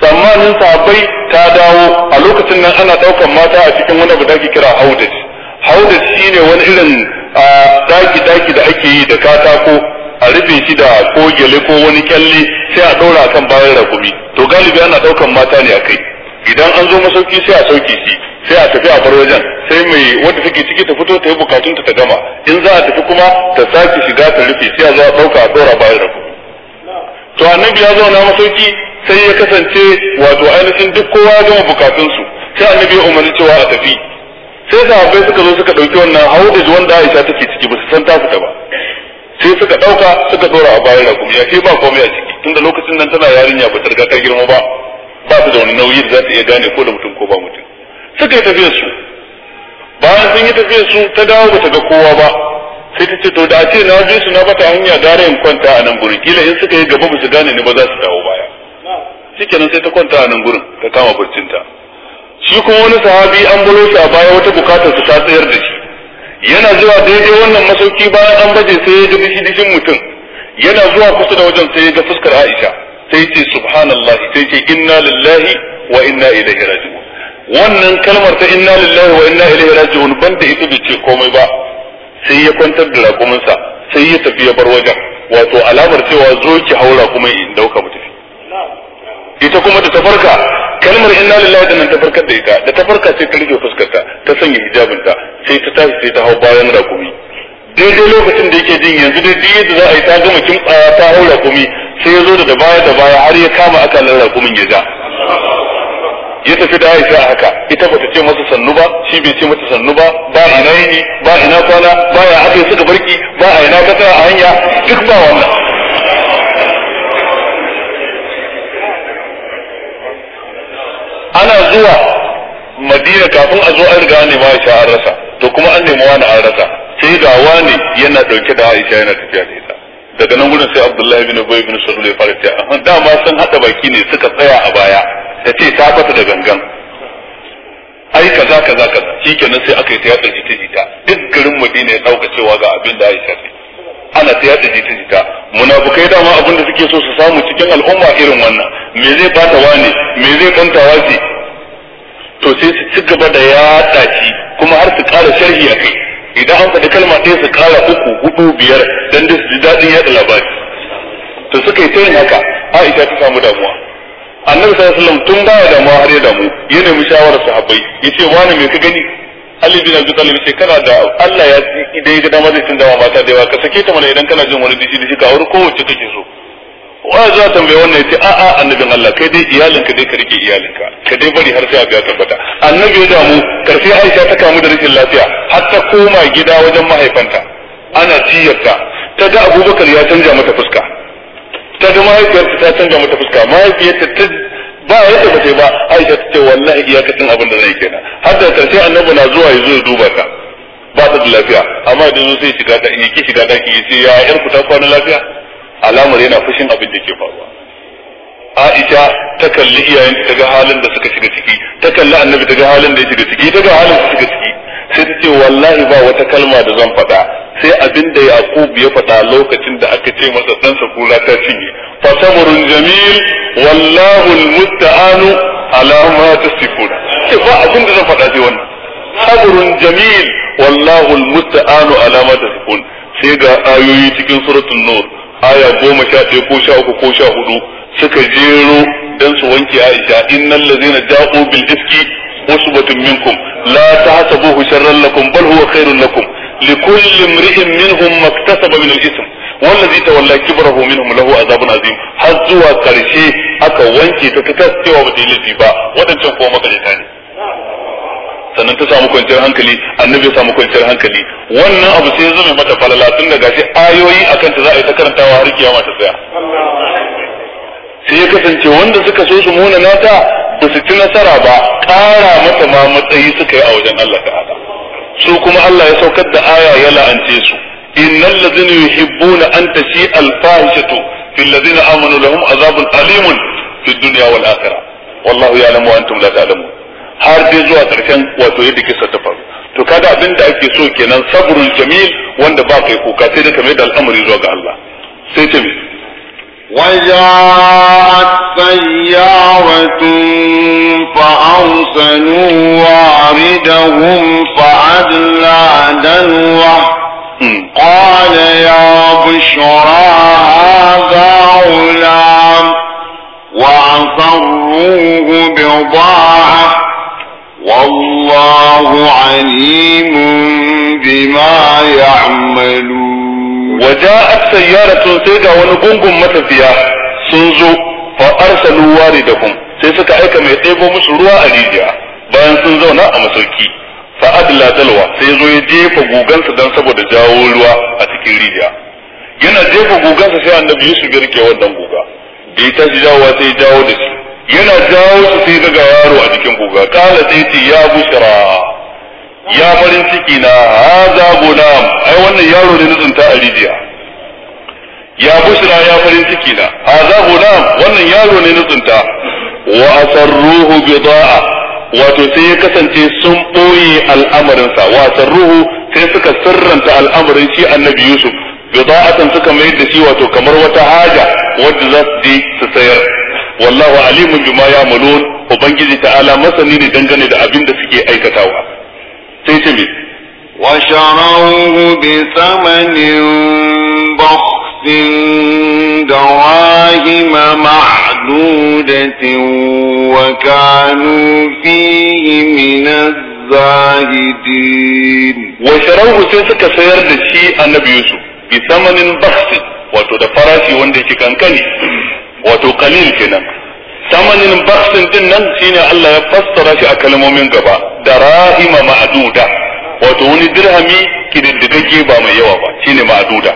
tsammanin sabai ta dawo a lokacin nan ana daukan mata a cikin wani abu da ake kira audit hauda shi ne wani irin daki-daki da ake yi da katako a rufe shi da ko ko wani kyalle sai a ɗora kan bayan rakumi to galibi ana ɗaukan mata ne a kai idan an zo masauki sai a sauke shi sai a tafi a bar wajen sai mai wanda take ciki ta fito ta yi bukatunta ta gama in za a tafi kuma ta sake shiga ta rufe sai a zo a ɗauka a ɗora bayan rakumi to annabi ya zauna masauki sai ya kasance wato ainihin duk kowa ya gama bukatunsu sai annabi ya umarci cewa a tafi sai sahabbai suka zo suka ɗauki wannan haudaj wanda Aisha take ciki ba su san ta ba sai suka ɗauka suka ɗora a bayan rakumi ya ce ba komai a ciki tunda lokacin nan tana yarinya ba ta riga ta girma ba ba su da wani nauyi da za ta iya gane ko da mutum ko ba mutum suka yi tafiyar su bayan sun yi tafiyar su ta dawo ba ta ga kowa ba sai ta ce to da a ce na bi su na bata hanya gara in kwanta a nan gurin kila in suka yi gaba ba su gane ni ba za su dawo baya shikenan sai ta kwanta a nan gurin ta kama barcinta shi kuma wani sahabi an bulo shi a baya wata bukatar su ta tsayar da shi yana zuwa daidai wannan masauki bayan an baje sai ya ga dishi dishin mutum yana zuwa kusa da wajen sai ya ga fuskar Aisha sai ce subhanallah sai ce inna lillahi wa inna ilaihi raji'un wannan kalmar ta inna lillahi wa inna ilaihi raji'un banda ita bai ce komai ba sai ya kwantar da raƙuminsa sai ya tafi ya bar wajen wato alamar cewa zo ki haura kuma in dauka mu ita kuma da ta farka kalmar inna lillahi din ta farkar da ita da ta farka sai ta rike fuskarta ta sanya hijabinta sai ta tashi sai ta hau bayan rakumi daidai lokacin da yake jin yanzu dai duk yadda za a yi ta gama kin ta hau rakumi sai ya zo da baya da baya har ya kama akalan rakumin ya ja ya tafi da Aisha haka ita bata ce masa sannu ba shi bai ce masa sannu ba ba ina yi ba ina kwana ba ya haɗe suka barki ba a ina kasa a hanya duk ba wannan zuwa madina kafin a zo an riga an nema aisha an rasa to kuma an nema wani an rasa sai ga wani yana dauke da aisha yana tafiya da ita daga nan gudun sai abdullahi bin ubay bin sulul ya fara cewa dama sun hada baki ne suka tsaya a baya ta ce ta fata da gangan ai kaza kaza kaza shikenan sai aka yi ta yadda jita jita duk garin madina ya dauka cewa ga abin da aisha ce ana ta yadda jita jita munafukai dama abin da suke so su samu cikin al'umma irin wannan me zai bata wani me zai kanta wace to sai su ci gaba da ya shi kuma har su kara sharhi a kai idan an faɗi kalma ɗaya su kara uku hudu biyar dan da su ji daɗin yaɗa labari to suka yi ta yin haka Aisha ta samu damuwa annabi sallallahu alaihi tun tun ya damuwa har ya damu ya nemi shawarar sahabbai ce wani mai ka gani Ali bin Abi Talib ce kana da Allah ya idan ya ga dama zai tunda mata da yawa ka sake ta mana idan kana jin wani dishi dishi ka aure kowace kake so wa za tambaye wannan yace a a annabin Allah kai dai iyalinka dai ka rike iyalinka ka dai bari har sai abu ya tabbata annabi ya damu karfi Aisha ta kamu da rashin lafiya har ta koma gida wajen mahaifanta ana tiyarta ta da Abubakar ya canja mata fuska ta da mahaifiyarta ta canja mata fuska mahaifiyarta ta ba yadda ba sai ba Aisha ta ce wallahi din abin da zai kenan har da karshe annabi na zuwa ya zo ya duba ta ba ta da lafiya amma idan zo sai shiga da yake shiga da yake sai ya yarku ta kwana lafiya alamar yana fushin abin da ke faruwa Aisha ta kalli iyayen ta ga halin da suka shiga ciki ta kalli annabi ta ga halin da ya shiga ciki ta ga halin da suka ciki sai ta ce wallahi ba wata kalma da zan faɗa sai abin da Yaqub ya faɗa lokacin da aka ce masa ɗansa kura ta cinye fa sabrun jamil wallahu almusta'anu ala ma tasifun ce ba abin da zan faɗa sai wannan sabrun jamil wallahu almusta'anu ala ma tasifun sai ga ayoyi cikin suratul nur aya goma sha ɗaya ko sha uku ko sha hudu suka jero dan su wanke Aisha innal ladzina ja'u bil ifki usbatun minkum la tahsabuhu sharran lakum bal huwa khairun lakum likulli imri'in minhum maktasaba min al-ithm wallazi tawalla kibrahu minhum lahu azabun azim har zuwa karshe aka wanke ta ta cewa ba ta laifi ba wadancan ko makarita ne sannan ta samu kwanciyar hankali annabi ya samu kwanciyar hankali wannan abu sai ya zama mata falala tun da gashi ayoyi akan ta za a yi ta karantawa har kiyama ta tsaya sai ya kasance wanda suka so su muna nata ba su ci nasara ba ƙara mata ma matsayi suka yi a wajen Allah ta'ala su kuma Allah ya saukar da aya ya la'ance su innal ladzina yuhibbuna an tashi al-fahishatu fil ladzina amanu lahum azabun alimun fid dunya wal akhirah wallahu ya'lamu wa antum la ta'lamun har dai zuwa karshen wato yadda kisa ta faru to kaga abin da ake so kenan sabrul jamil wanda ba kai kuka sai da kamar da al'amari zuwa ga Allah sai ce وجاءت سيارة فأرسلوا واردهم فأدلى دلوه قال يا بشرى هذا غلام وأسروه بضاعة والله عليم بما يعملون وجاءت سيارة سيدا ونقنكم متفيا سنزو aika mai سيسك musu ruwa a rijiya. bayan sun zauna a masauki fa adla dalwa sai zo ya jefa gugansa dan saboda jawo ruwa a cikin rijiya yana jefa gugansa sai annabi Yusuf ya rike wannan guga da ya tashi jawowa sai jawo da shi yana jawo su sai ga yaro a cikin kuga kala sai ce ya bushra ya farin ciki na haza gunam ai wannan yaro ne na tsinta alijiya ya bushra ya farin ciki na haza gunam wannan yaro ne na tsinta wa asarruhu bida'a wato sai ya kasance sun boye sa. wa asarruhu sai suka sirranta al'amarin shi annabi yusuf bida'atan suka mai da shi wato kamar wata haja wadda za su je su sayar والله عليم بما يعملون وبنجزي تعالى مثلا لدنجن إذا أبند سكي أي كتاوى تيسمي وشروه بثمن بخس دواهم معدودة وكانوا فيه من الزاهدين وشروه سيسك سيرد الشيء النبي يوسف بثمن بخس وتدفرات يوندي شكان كني wato kalil kenan samanin baksin din nan shine Allah ya fassara shi a kalmomin gaba da rahima ma'duda wato wani dirhami kididdigagge ba mai yawa ba shine ma'duda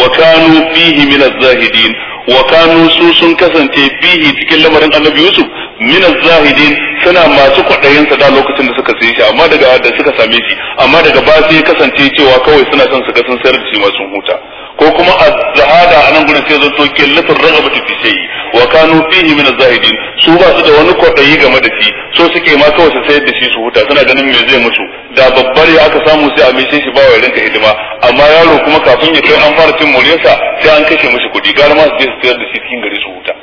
wa kanu fihi min az-zahidin wa kanu su sun kasance fihi cikin lamarin Annabi Yusuf min zahidin suna masu kwaɗayin sa da lokacin da suka sayi shi amma daga da suka same shi amma daga ba sai kasance cewa kawai suna son su ga sun sayar da shi masu huta ko kuma az-zahada anan gurin sai zanto qillatur raghabati fi shay wa kanu fihi min az-zahidin su ba su da wani kwaɗayi game da shi so suke ma kawai su sayar da shi su huta suna ganin me zai mutu da babbar ya aka samu sai a mishe shi ba wa rinka hidima amma yaro kuma kafin ya kai an fara cin muliyarsa sai an kashe mishi kuɗi gara ma su je su sayar da shi cikin gari su huta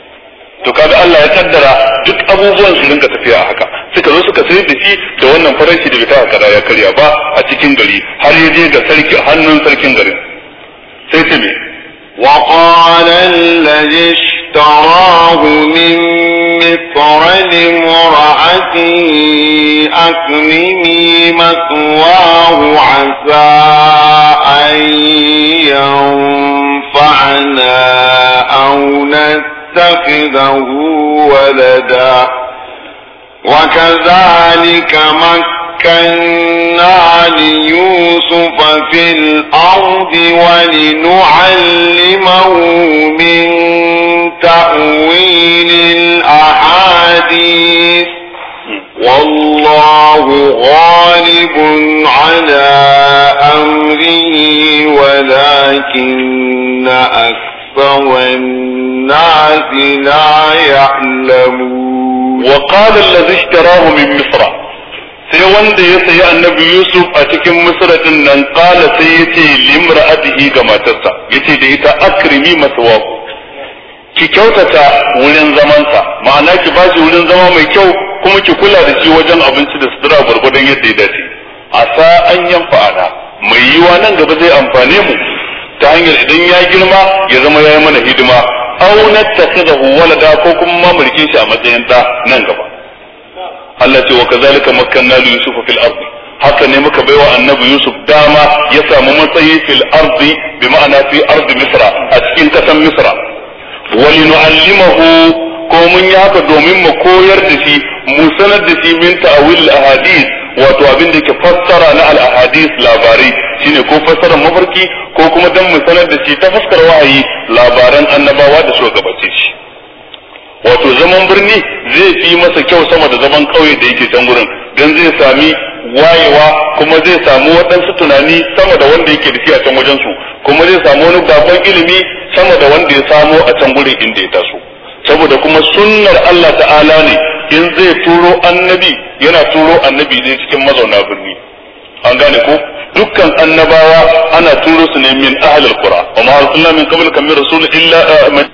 to kaga Allah ya kaddara duk abubuwan su rinka tafiya haka suka zo suka sayar da shi da wannan farashi da bita kada ya karya ba a cikin gari har ya je ga sarki hannun sarkin garin sai ce me وقال الذي اشتراه من مصر لامرأته أكرمي مثواه عسى أن ينفعنا أو نسى يتخذه ولدا وكذلك مكنا ليوسف في الأرض ولنعلمه من تأويل الأحاديث والله غالب على أمره ولكن أكثر الناس الناس لا يعلمون وقال الذي اشتراه من مصر sai wanda ya sayi annabi Yusuf a cikin Misra din nan kala sai ya ce limra'atihi ga matarsa yace da ita akrimi maswaku ki kyautata wurin zamansa ma'ana ki ba shi wurin zama mai kyau kuma ki kula da shi wajen abinci da sutura gurgurdan yadda ya dace sa an yanfa'ana mai yiwa nan gaba zai amfane mu ta hanyar idan ya girma ya zama ya yi mana hidima aw nattakhidhu walada ko kuma ma mulke shi a matsayin da nan gaba Allah ce wa kazalika makkanna li yusufa fil ardi haka ne muka baiwa annabi yusuf dama ya samu matsayi fil ardi bi ma'ana fi ardi misra a cikin kasan misra wa linu'allimahu ko mun yi haka domin mu koyar da shi mu sanar da shi min ta'awil al ahadith wato abin da ke fassara na al ahadith labarai shine ko fassarar mafarki ko kuma don mu sanar da shi ta fuskar wa'ayi labaran annabawa da suka gabace shi wato zaman birni zai fi masa kyau sama da zaman kauye da yake can gurin dan zai sami wayewa kuma zai samu waɗansu tunani sama da wanda yake da shi a can wajen su kuma zai samu wani bakon ilimi sama da wanda ya samo a can gurin inda ya taso saboda kuma sunnar Allah ta'ala ne in zai turo annabi yana turo annabi ne cikin mazauna birni an gane ko dukkan annabawa ana turo su ne min ahlul qura wa ma arsalna min qablika min rasul illa eh,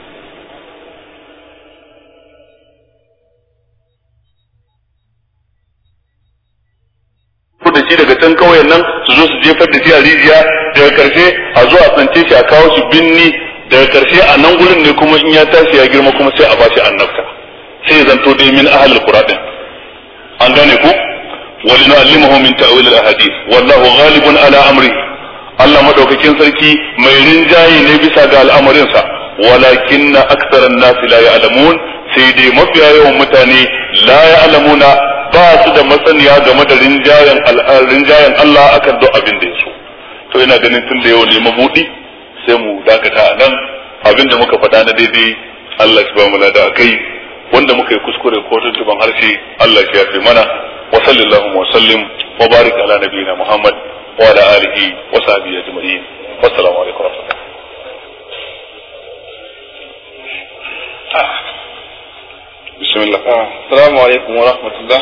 da shi daga can kawai nan su zo su jefar da shi a rijiya daga karshe a zo a tsince shi a kawo shi binni daga karshe a nan gurin ne kuma in ya tashi ya girma kuma sai a bashi annabta sai zanto dai min ahlul qura din an gane ko ولنعلمه من تأويل الأحاديث والله غالب على أمره الله مدوكين سركي mai rinjaye ne bisa ga al'amarinsa walakin aktsara an-nas la ya'lamun sai dai mafiya yawan mutane la ya'lamuna ba su da masaniya game da rinjayen Allah akan duk abin da to ina ganin tun da yau ne mabudi sai mu dakata a nan abinda da muka faɗa na daidai Allah shi ba da a kai wanda muka yi kuskure ko tuntuban harshe Allah ya fi mana وصل اللهم وسلم وبارك على نبينا محمد وعلى آله وصحبه أجمعين والسلام عليكم ورحمة الله بسم الله آه. السلام عليكم ورحمة الله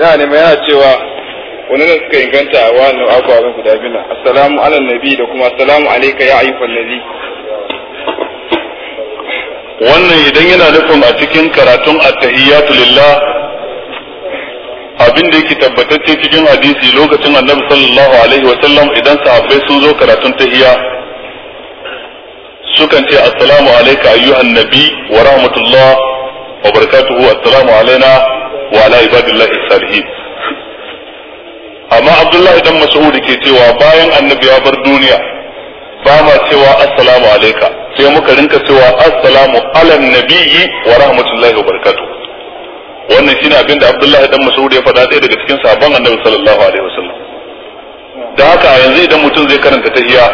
يعني ما يأتي wani ne suka inganta a wannan agwaban guda biyu assalamu ala nabi da kuma assalamu alayka ya ayyukan nabi wannan idan yana nufin a cikin karatun at-tahiyyatu lillah abin da yake tabbatacce cikin hadisi lokacin annabi sallallahu alaihi wa sallam idan sahabbai sun zo karatun tahiyya sukan ce assalamu alayka ayyuhan nabi wa rahmatullah wa barakatuhu assalamu alaina wa ala ibadillahi salihin amma abdullahi dan mas'ud ke cewa bayan annabi ya bar duniya ba ma cewa assalamu alayka sai muka rinka cewa assalamu ala nabiyyi wa rahmatullahi wa barakatuh wannan shine abin da abdullahi dan mas'ud ya faɗa ɗaya daga cikin sahabban annabi sallallahu alaihi wasallam da haka yanzu idan mutum zai karanta tahiyya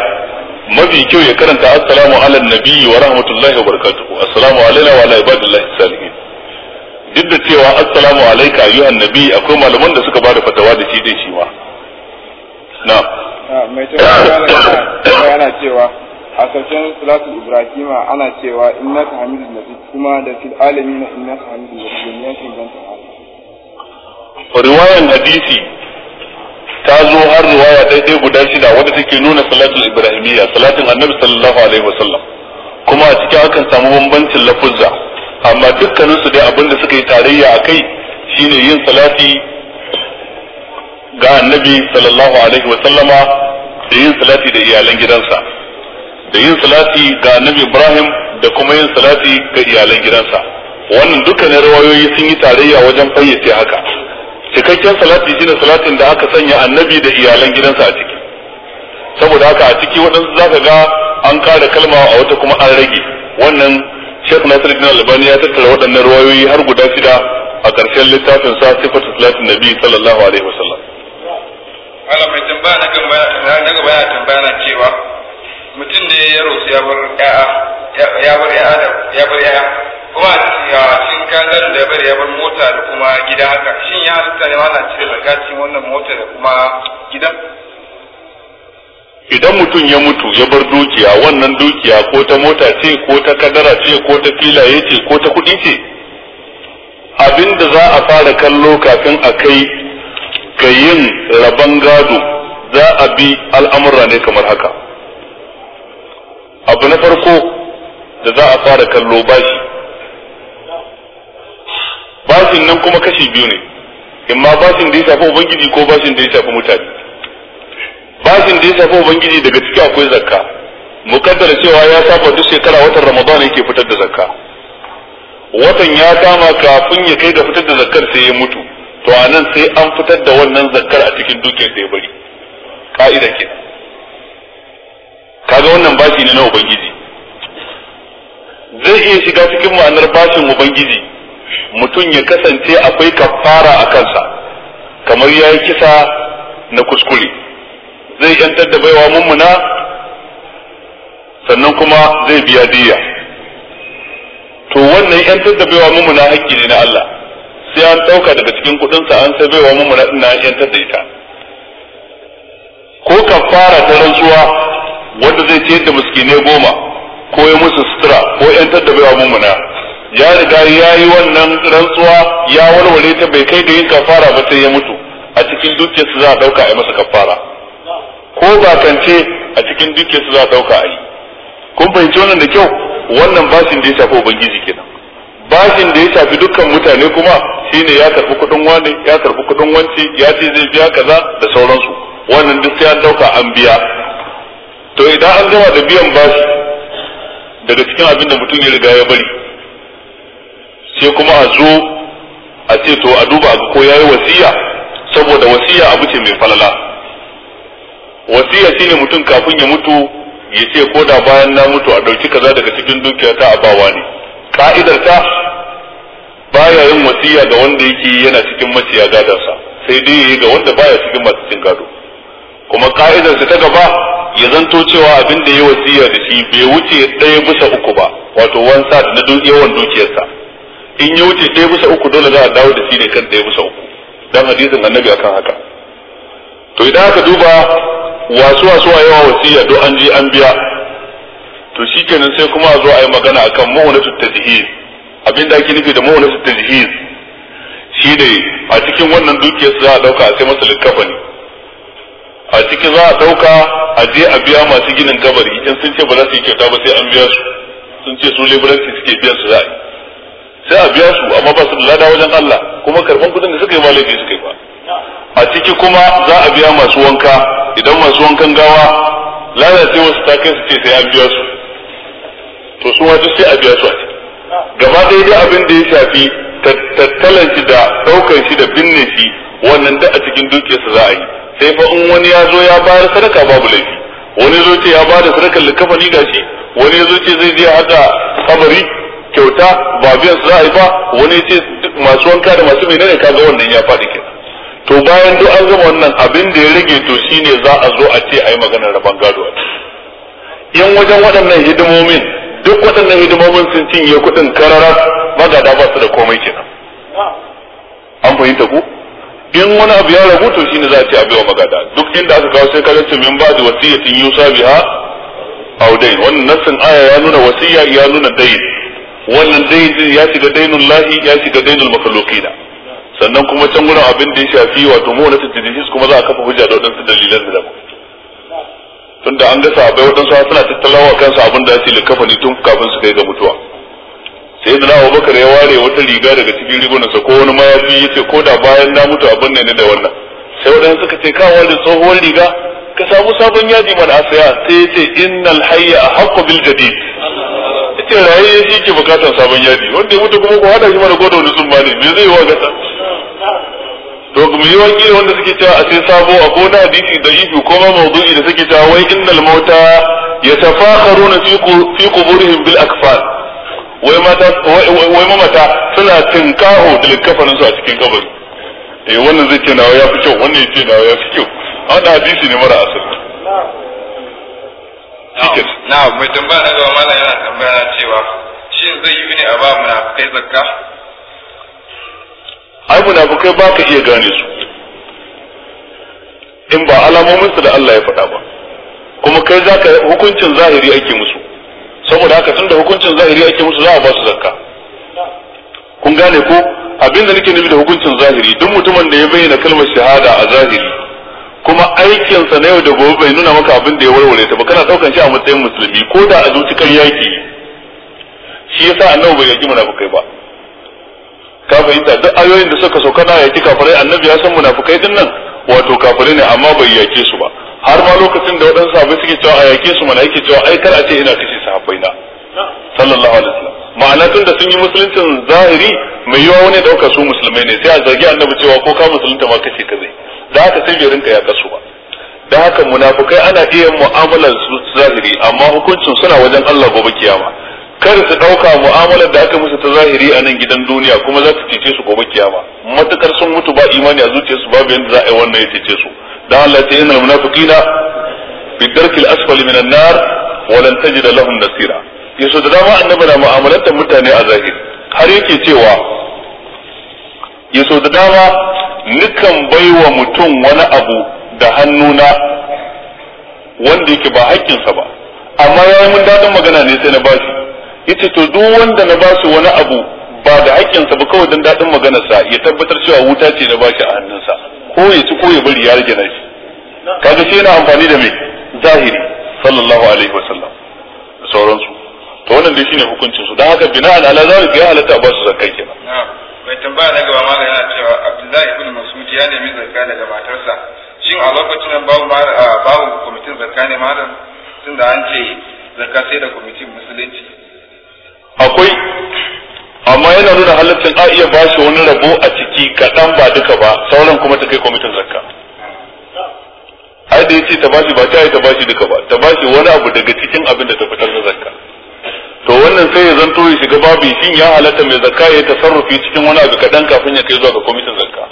mafi kyau ya karanta assalamu ala nabiyyi wa rahmatullahi wa barakatuh assalamu alayna wa ala ibadillahi duk da cewa assalamu alayka ayyuhan nabi akwai malaman da suka bada fatawa da shi din shi ma na ah, mai cewa yana cewa a karshen Salatu ibrahima ana cewa innaka hamidul majid kuma da fil alamin innaka hamidul majid ne yake zanta riwayan hadisi ta zo har riwaya daidai guda shida wadda take nuna salatu ibrahimiyya salatin annabi sallallahu alaihi wasallam kuma a cikin akan samu bambancin lafuzza amma dukkanin su dai abin da suka yi tarayya a kai shine yin salati ga annabi sallallahu alaihi wa sallama da yin salati da iyalan gidansa da yin salati ga annabi Ibrahim da kuma yin salati ga iyalan gidansa wannan dukkanin rawayoyi sun yi tarayya wajen fayyace haka cikakken salati shine salatin da aka sanya annabi da iyalan gidansa a ciki saboda haka a ciki waɗansu zaka ga an kare kalma a wata kuma an rage wannan Sheikh Nasiruddin Albani ya tattara waɗannan ruwayoyi har guda shida a ƙarshen littafin sa sifatu salatin nabi sallallahu alaihi wasallam Allah mai tambaya na kan baya daga baya tambaya na cewa mutum ne ya roƙi ya bar ya'a ya bar ya'a ya bar ya'a kuma a cikin kanzan da ya bar ya bar mota da kuma gida haka shin ya halitta ne ma na cire zakacin wannan mota da kuma gidan idan mutum ya mutu ya bar dukiya wannan dukiya ko ta mota ce ko ta kadara ce ko ta filaye ce ko ta kuɗi ce abin da za a fara kallo kafin a kai ga yin rabon gado za a bi al'amura ne kamar haka abu na farko da za a fara kallo bashi bashin nan kuma kashi biyu ne imma bashin da ya shafi ubangiji ko bashin da ya shafi mutane bashin da ya safa ubangiji daga ciki akwai zakka mukaddar cewa ya safa duk shekara watan ramadan yake fitar da zakka watan ya kama kafin ya kai ga fitar da zakkar sai ya mutu to a nan sai an fitar da wannan zakkar a cikin dukiyar da ya bari ka'ida ke kaga wannan bashi ne na ubangiji zai iya shiga cikin ma'anar bashin ubangiji mutum ya kasance akwai kafara a kansa kamar ya yi kisa na kuskure zai yantar da baiwa mummuna sannan kuma zai biya diya to wannan yantar da baiwa mummuna hakki ne na Allah sai an ɗauka daga cikin kuɗinsa an sai baiwa mummuna ina yantar da ita ko ka fara ta rantsuwa wanda zai ce da muskine goma ko ya musu sutura ko yantar da baiwa mummuna ya riga ya yi wannan rantsuwa ya walwale ta bai kai da yin kafara ba sai ya mutu a cikin dukiyarsa za a ɗauka a yi masa kafara ko ba kance a cikin duke su za a dauka a yi kun fahimci wannan da kyau wannan bashin da ya shafi ubangiji kenan bashin da ya shafi dukkan mutane kuma shine ya karbi kudin wani ya karbi kudin wance ya ce zai biya kaza da sauransu wannan duk sai an dauka an biya to idan an gama da biyan bashi daga cikin abin da mutum ya riga ya bari sai kuma a zo a ce to a duba ga ko yayi wasiya saboda wasiya abu ce mai falala wasiya shine mutum kafin ya mutu ya ce ko da bayan na mutu a ɗauki kaza daga cikin dukiyata a bawa ne ka'idar ta baya yin wasiya ga wanda yake yana cikin maciya gadansa sai dai yayi ga wanda baya cikin masu cin gado kuma ka'idar ta gaba ya zanto cewa abin da ya wasiya da shi bai wuce ɗaya bisa uku ba wato wansa na yawan dukiyarsa in ya wuce ɗaya bisa uku dole za a dawo da shi ne kan ɗaya bisa uku dan hadisin annabi akan haka to idan aka duba wasu wasu a yawa wasiya do an ji an biya to kenan sai kuma a zo a yi magana akan mu'unatu abin abinda ake nufi da mu'unatu tajhiz shi ne a cikin wannan dukiyar za a dauka a sai masa likafani a cikin za a dauka a je a biya masu ginin kabari in sun ce ba za su yi kyauta ba sai an biya su sun ce su leburanci suke biyan su za a yi sai a biya su amma ba su da lada wajen Allah kuma karɓan kuɗin da suka yi ba laifi suka yi ba a ciki kuma za a biya masu wanka idan masu wankan gawa lalace wasu ta kai su ce sai an biya su to su ma sai a biya su a gaba ɗaya yi abin da ya shafi tattalin shi da daukar shi da binne shi wannan da a cikin dukiyarsa za a yi sai fa in wani ya zo ya bayar sadaka babu laifi wani zo ce ya ba da sadakar likafani ga shi wani zo ce zai je haka kabari kyauta ba biyan su za a yi ba wani ce masu wanka da masu menene kaga wannan ya faɗi ke to bayan duk an zama wannan abin da ya rage to shine za a zo a ce a yi maganar rabon gado a in wajen waɗannan hidimomin duk waɗannan hidimomin sun cinye kuɗin karara magada ba su da komai kenan an fahimta ku in wani abu ya rabu to shine za a ce a bai wa magada duk inda aka kawo sai ka ce min ba da wasiyatin yusa biha aw dain wannan nassin aya ya nuna wasiyya ya nuna dain wannan dain ya shiga dainul lahi ya shiga dainul makhluqina sannan kuma can gurin abin da ya shafi wato mawanatin jidihis kuma za a kafa hujja da waɗansu dalilan da dama tunda an ga sahabbai waɗansu suna tattalawa kansu abin da su likafa ne tun kafin su kai ga mutuwa sai da Abu Bakar ya ware wata riga daga cikin rigunansa ko wani mayafi ya ce ko da bayan na mutu abin ne ne da wannan sai waɗansu suka ce ka ware tsohuwar riga ka samu sabon yadi mana asaya sai ya yace innal hayya haqqu bil jadid yace raye shi ke bukatar sabon yadi, wanda ya mutu kuma ko hada shi mana godo wani zumba ne me zai yi wa gasa to kuma yi wani wanda suke cewa a sai sabo a koda hadisi da ifi ko ma mawdu'i da suke cewa wai innal mauta yatafakharuna fi quburihim bil akfar wai mata wai mamata suna tinkaho da likafanin su a cikin kabari eh wannan zai ce na ya fi kyau wannan yace na ya fi kyau wannan hadisi ne mara asali na mai tambaya na gaba malam yana tambaya cewa shin zai yi ne a ba mu na kai zakka ai munafukai ba ka iya gane su in ba alamominsu da Allah ya faɗa ba kuma kai za ka hukuncin zahiri ake musu saboda haka tun da hukuncin zahiri ake musu za a ba su zakka kun gane ko abin da nake nufi da hukuncin zahiri duk mutumin da ya bayyana kalmar shahada a zahiri kuma aikinsa na yau da gobe bai nuna maka abin da ya warware ta ba kana daukan shi a matsayin musulmi ko da a zuci kan yaki shi yasa annabi bai yaki munafukai ba ka fahimta duk ayoyin da suka sauka na yaki kafirai annabi ya san munafukai din nan wato kafirai ne amma bai yake su ba har ma lokacin da waɗansu sahabbai suke cewa a yake su mala'ike cewa ai kar a ce ina kashe sahabbai na sallallahu alaihi wasallam ma'ana tun da sun yi musuluncin zahiri mai yiwa wani dauka su musulmai ne sai a zargi annabi cewa ko ka musulunta ma kashe ka zai da haka sai bai rinka yaka su ba da haka munafukai ana iya mu'amalar su zahiri amma hukuncin suna wajen Allah gobe kiyama kar su ɗauka mu'amalar da aka musu ta zahiri a nan gidan duniya kuma za ta cece su gobe kiyama matukar sun mutu ba imani a zuciyarsu babu yadda za a yi wannan ya cece su dan Allah ta innal munafiqina fi darkil asfali minan nar wa lan tajida lahum nasira yaso da dama annabi na da mutane a zahiri har yake cewa yaso da dama nukan baiwa mutum wani abu da hannuna wanda yake ba hakkinsa ba amma yayin mun dadin magana ne sai na bashi yace to duk wanda na basu wani abu ba da haƙƙinsa ba kawai don daɗin maganarsa ya tabbatar cewa wuta ce na bashi a hannunsa ko ya ci ko ya bari ya rage nashi kaga shi yana amfani da mai zahiri sallallahu alaihi wasallam da sauransu to wannan dai shine hukuncin su dan haka bina'an ala zalika ya halatta ba su zakai kenan mai tambaya na gaba malam yana cewa Abdullahi ibn Mas'ud ya nemi zakka daga matarsa shin a lokacin nan babu babu kwamitin zakka ne malam tunda an ce zakka sai da kwamitin musulunci akwai amma yana nuna halittin a iya bashi wani rabo a ciki kaɗan ba duka ba sauran kuma ta kai kwamitin zakka ai da yace ta bashi ba ta yi ta bashi duka ba ta bashi wani abu daga cikin abin da ta fitar na zakka to wannan sai ya zanto ya shiga babu shi ya halatta mai zakka ya tasarrufi cikin wani abu kaɗan kafin ya kai zuwa ga kwamitin zakka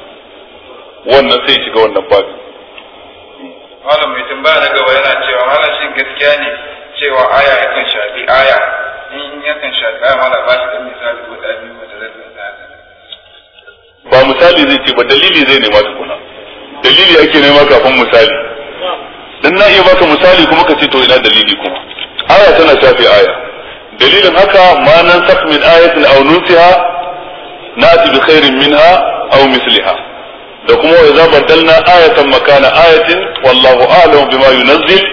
wannan sai ya shiga wannan babu malam mai tambaya na gaba yana cewa halashin gaskiya ne cewa aya yakan shafi aya in yakan shaka mala ba shi da misali ko da biyu da rabin ba misali zai ce ba dalili zai nema tukuna dalili ake nema kafin misali dan na iya baka misali kuma ka ce to ina dalili kuma aya tana shafi aya dalilin haka ma nan sak min ayatin aw nusiha nati bi khairin minha aw misliha da kuma wa idza badalna ayatan makana ayatin wallahu a'lamu bima yunazzil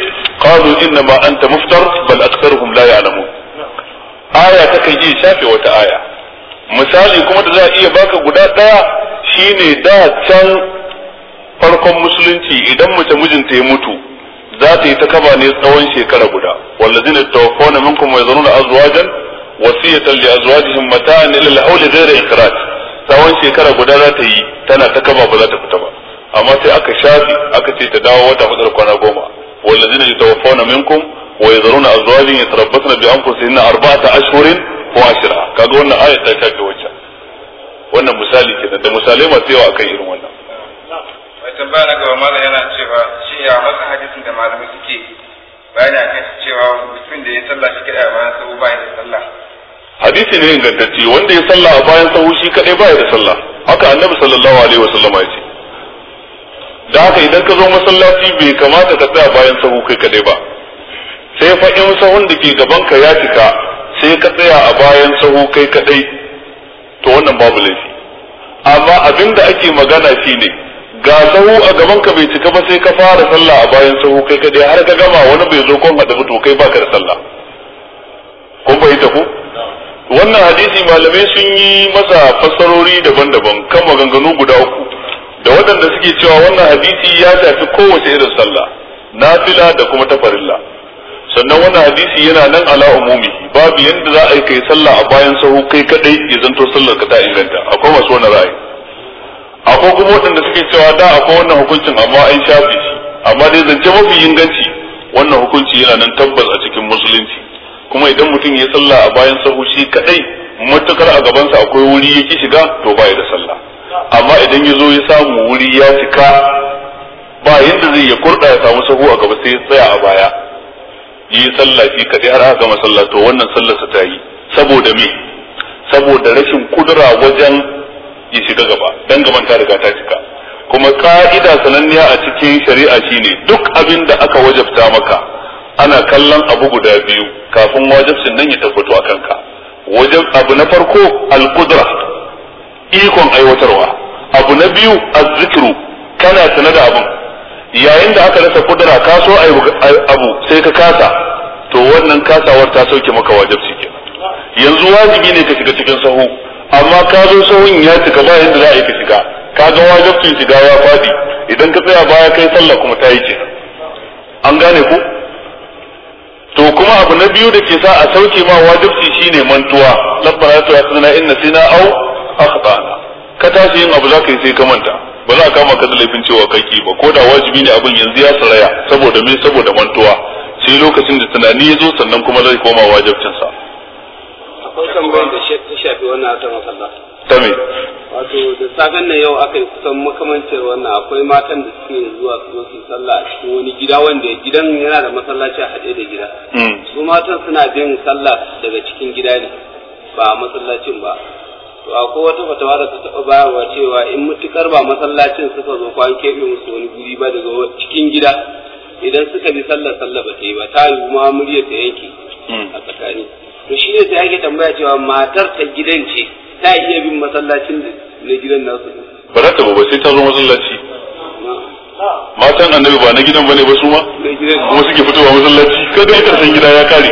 qalu inna ma anta muftar bal aktharuhum la ya'lamun aya ta kan iya shafe wata aya misali kuma da za a iya baka guda ɗaya shine da can farkon musulunci idan mace mijinta ya mutu za ta yi ta kaba ne tsawon shekara guda wallazina tawaffawna minkum wa yazruna azwajan wasiyatan li azwajihim mata'an ila al-hawl ghayra ikhraj tsawon shekara guda za ta yi tana ta kaba ba za ta fita ba amma sai aka shafi aka ce ta dawo wata hudar kwana goma wallazina tawaffawna minkum ويذرون أزواجا يتربصن بأنفسهن أربعة أشهر وعشرة kaga wannan ayat ta shafe wacce wannan misali kenan da misalai masu yawa akan irin wannan mai tambaya daga malam yana cewa shi ya masa hadisin da malamai suke bayani akan cewa mutum da ya sallah shi a bayan sahu bayan da sallah hadisi ne ingantacce wanda ya sallah a bayan sahu shi kadai baya da haka annabi sallallahu alaihi ce da haka idan ka zo masallaci bai kamata ka tsaya bayan sahu kai kaɗai ba sai fa in sahun da ke gaban ka ya cika sai ka tsaya a bayan sahu kai kadai to wannan babu laifi amma abin da ake magana shi ne, ga sahu a gaban ka bai cika ba sai ka fara sallah a bayan sahu kai kadai har ka gama wani bai zo kon hada to kai baka da sallah kun fahimta ku wannan hadisi malamai sun yi masa fassarori daban-daban kan maganganu guda uku da waɗanda suke cewa wannan hadisi ya shafi kowace irin sallah nafila da kuma tafarilla sannan wannan hadisi yana nan ala umumi babu yanda za a yi kai sallah a bayan sahu kai kadai ya zanto sallar ka ta inganta akwai masu wannan ra'ayi akwai kuma waɗanda suke cewa da akwai wannan hukuncin amma an shafe shi amma dai zance mafi inganci wannan hukunci yana nan tabbas a cikin musulunci kuma idan mutum ya sallah a bayan sahu shi kadai matukar a gabansa akwai wuri ya shiga to ba da sallah amma idan ya zo ya samu wuri ya cika ba yanda zai ya kurda ya samu sahu a gaba sai ya tsaya a baya yi sallah shi kadai har aka gama sallah to wannan sallarsa ta yi saboda me saboda rashin kudura wajen ya shiga gaba dan gaban ta riga ta cika kuma ka'ida sananniya a cikin shari'a shine duk abin da aka wajabta maka ana kallon abu guda biyu kafin wajabcin nan ya tabbato a kanka wajen abu na farko al ikon aiwatarwa abu na biyu az-zikru kana sanar da abin yayin da aka rasa kudura ka so abu sai ka kasa to wannan kasawar ta sauke maka wajibci ke yanzu wajibi ne ka shiga cikin sahu amma ka zo sahun ya cika ba yadda za a yi ka shiga ka ga wajibcin shiga ya fadi idan ka tsaya baya kai sallah kuma ta yi ce an gane ku to kuma abu na biyu da ke sa a sauke ma wajibci shine mantuwa labbana ta sunna inna sina au akhtana ka tashi yin abu zaka yi sai ka manta ba za a kama ka da laifin cewa kaki ba ko da wajibi ne abin yanzu ya saraya saboda me saboda mantuwa sai lokacin da tunani ya zo sannan kuma zai koma wajibcin sa akwai tambayar da ta shafi wannan ta masalla ta me wato da safen nan yau aka yi kusan makamancin wannan akwai matan da suke zuwa su su sallah a cikin wani gida wanda gidan yana da masallaci a haɗe da gida mm. su matan suna bin sallah daga cikin gida ne ba masallacin ba to akwai wata fatawa da ta taɓa bayarwa cewa in mutukar ba masallacin suka zo kwan keɓe musu wani guri ba daga cikin gida idan suka bi sallar sallar ba ta yi ba ta yi ma muryar ta yanke hmm. a tsakani to shi ne sai ake tambaya cewa matar ta gidan ce ta iya bin masallacin na gidan nasu ba za ta ba sai ta zo masallaci matan annabi ba na gidan bane ba su ma kuma suke fitowa masallaci kada ita san gida ya kare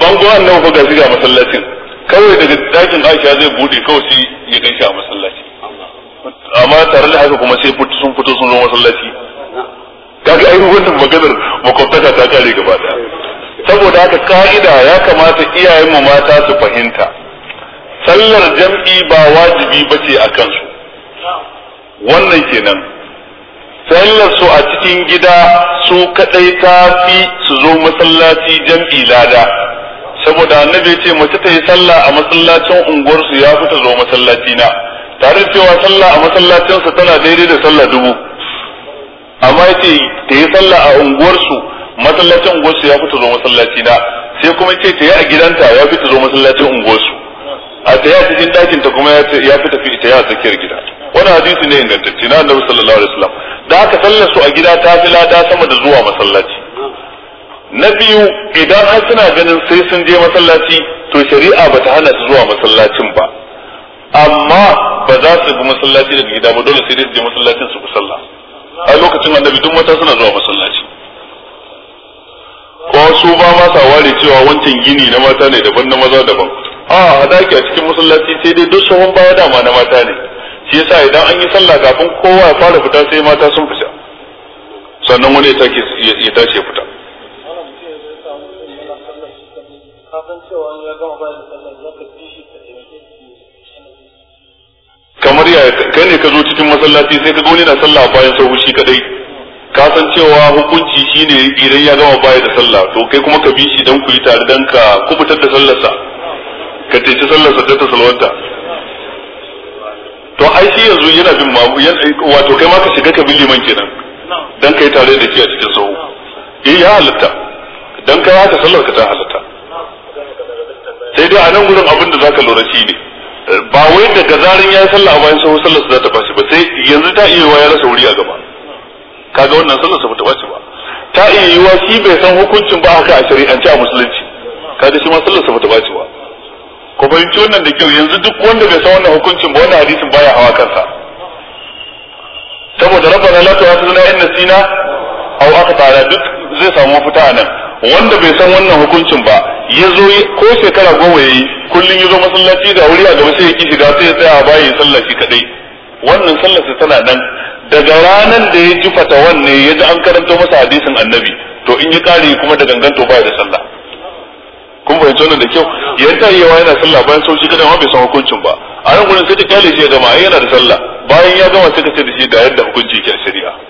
bango annabi ba ga masallacin kawai daga dakin Aisha zai bude kawai sai ya ganshi a masallaci amma tare da haka kuma sai sun fito sun zo masallaci kaga ai wannan maganar makwabtaka ta kare gaba daya saboda haka ka'ida ya kamata iyayen mu mata su fahimta sallar jam'i ba wajibi bace a kansu wannan kenan sallar su a cikin gida su kadai ta fi su zo masallaci jam'i lada saboda annabi ce mace ta yi sallah a masallacin unguwarsu ya fita zo masallaci na tare cewa sallah a masallacinsa tana daidai da sallah dubu amma yace ta yi sallah a unguwarsu masallacin unguwarsu ya fita zo masallaci na sai kuma ce ta yi a gidanta ya fita zo masallacin unguwarsu a ta yi cikin ɗakin ta kuma ya fita fi ta yi a tsakiyar gida wani hadisi ne ingantacce na annabi sallallahu alaihi wasallam da aka sallar su a gida ta fi lada sama da zuwa masallaci na biyu idan har suna ganin sai sun je masallaci to shari'a ba ta hana su zuwa masallacin ba amma ba za su bi masallaci daga gida ba dole sai dai su je masallacin su sallah a lokacin annabi duk mata suna zuwa masallaci ko su ba ma sa ware cewa wancan gini na mata ne daban na maza daban a hadaki a cikin masallaci sai dai duk sahun baya dama na mata ne shi yasa idan an yi sallah kafin kowa ya fara fita sai mata sun fita sannan wani ya tashi ya fita kafin cewa ya gama ba da za ka fi shi ka taimake kamar ya kai ne ka zo cikin masallaci sai ka gani na sallah bayan sahu shi kadai ka san cewa hukunci shine idan ya gama baya da sallah to kai kuma ka bi shi dan ku yi tare dan ka kubutar da sallarsa ka teci sallarsa ta salwanta to ai shi yanzu yana bin ma wato kai ma ka shiga ka bi liman kenan dan kai tare da shi a cikin sahu eh ya halatta dan kai ka sallar ka ta halatta sai dai a nan gurin abin da zaka lura shi ne eh, ba wai daga zarin ya yi sallah bayan sahu sallar za ta bashi ba sai yanzu ta iya ya rasa wuri a gaba kaga wannan sallar sa ta bashi ba ta iya yiwa shi bai san hukuncin ba haka a shari'ance a musulunci kaga shi ma sallar sa ta bashi ba ku fahimci wannan da kyau yanzu duk wanda bai san wannan hukuncin ba wannan hadisin baya hawa kansa saboda rabbana la tu'akhidhna inna sina aw akhtana duk zai samu mafita nan wanda bai san wannan hukuncin ba ya zo ko shekara goma ya yi kullum ya zo masallaci da wuri a gaba sai ya ki shiga sai ya tsaya a baya ya sallah shi kadai wannan sallarsa tana nan daga ranar da ya ji fata ya ji an karanto masa hadisin annabi to in ya kare kuma da ganganto baya da sallah kun fahimci wannan da kyau ta yawa yana sallah bayan sauci kada ma bai san hukuncin ba a nan gurin sai ta kyale shi ya gama yana da sallah bayan ya gama sai ka ce da shi ga yadda hukunci ke shari'a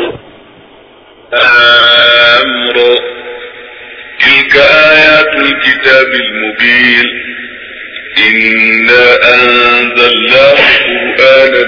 أمر تلك آيات الكتاب المبين إنا أنزلناه قرآنا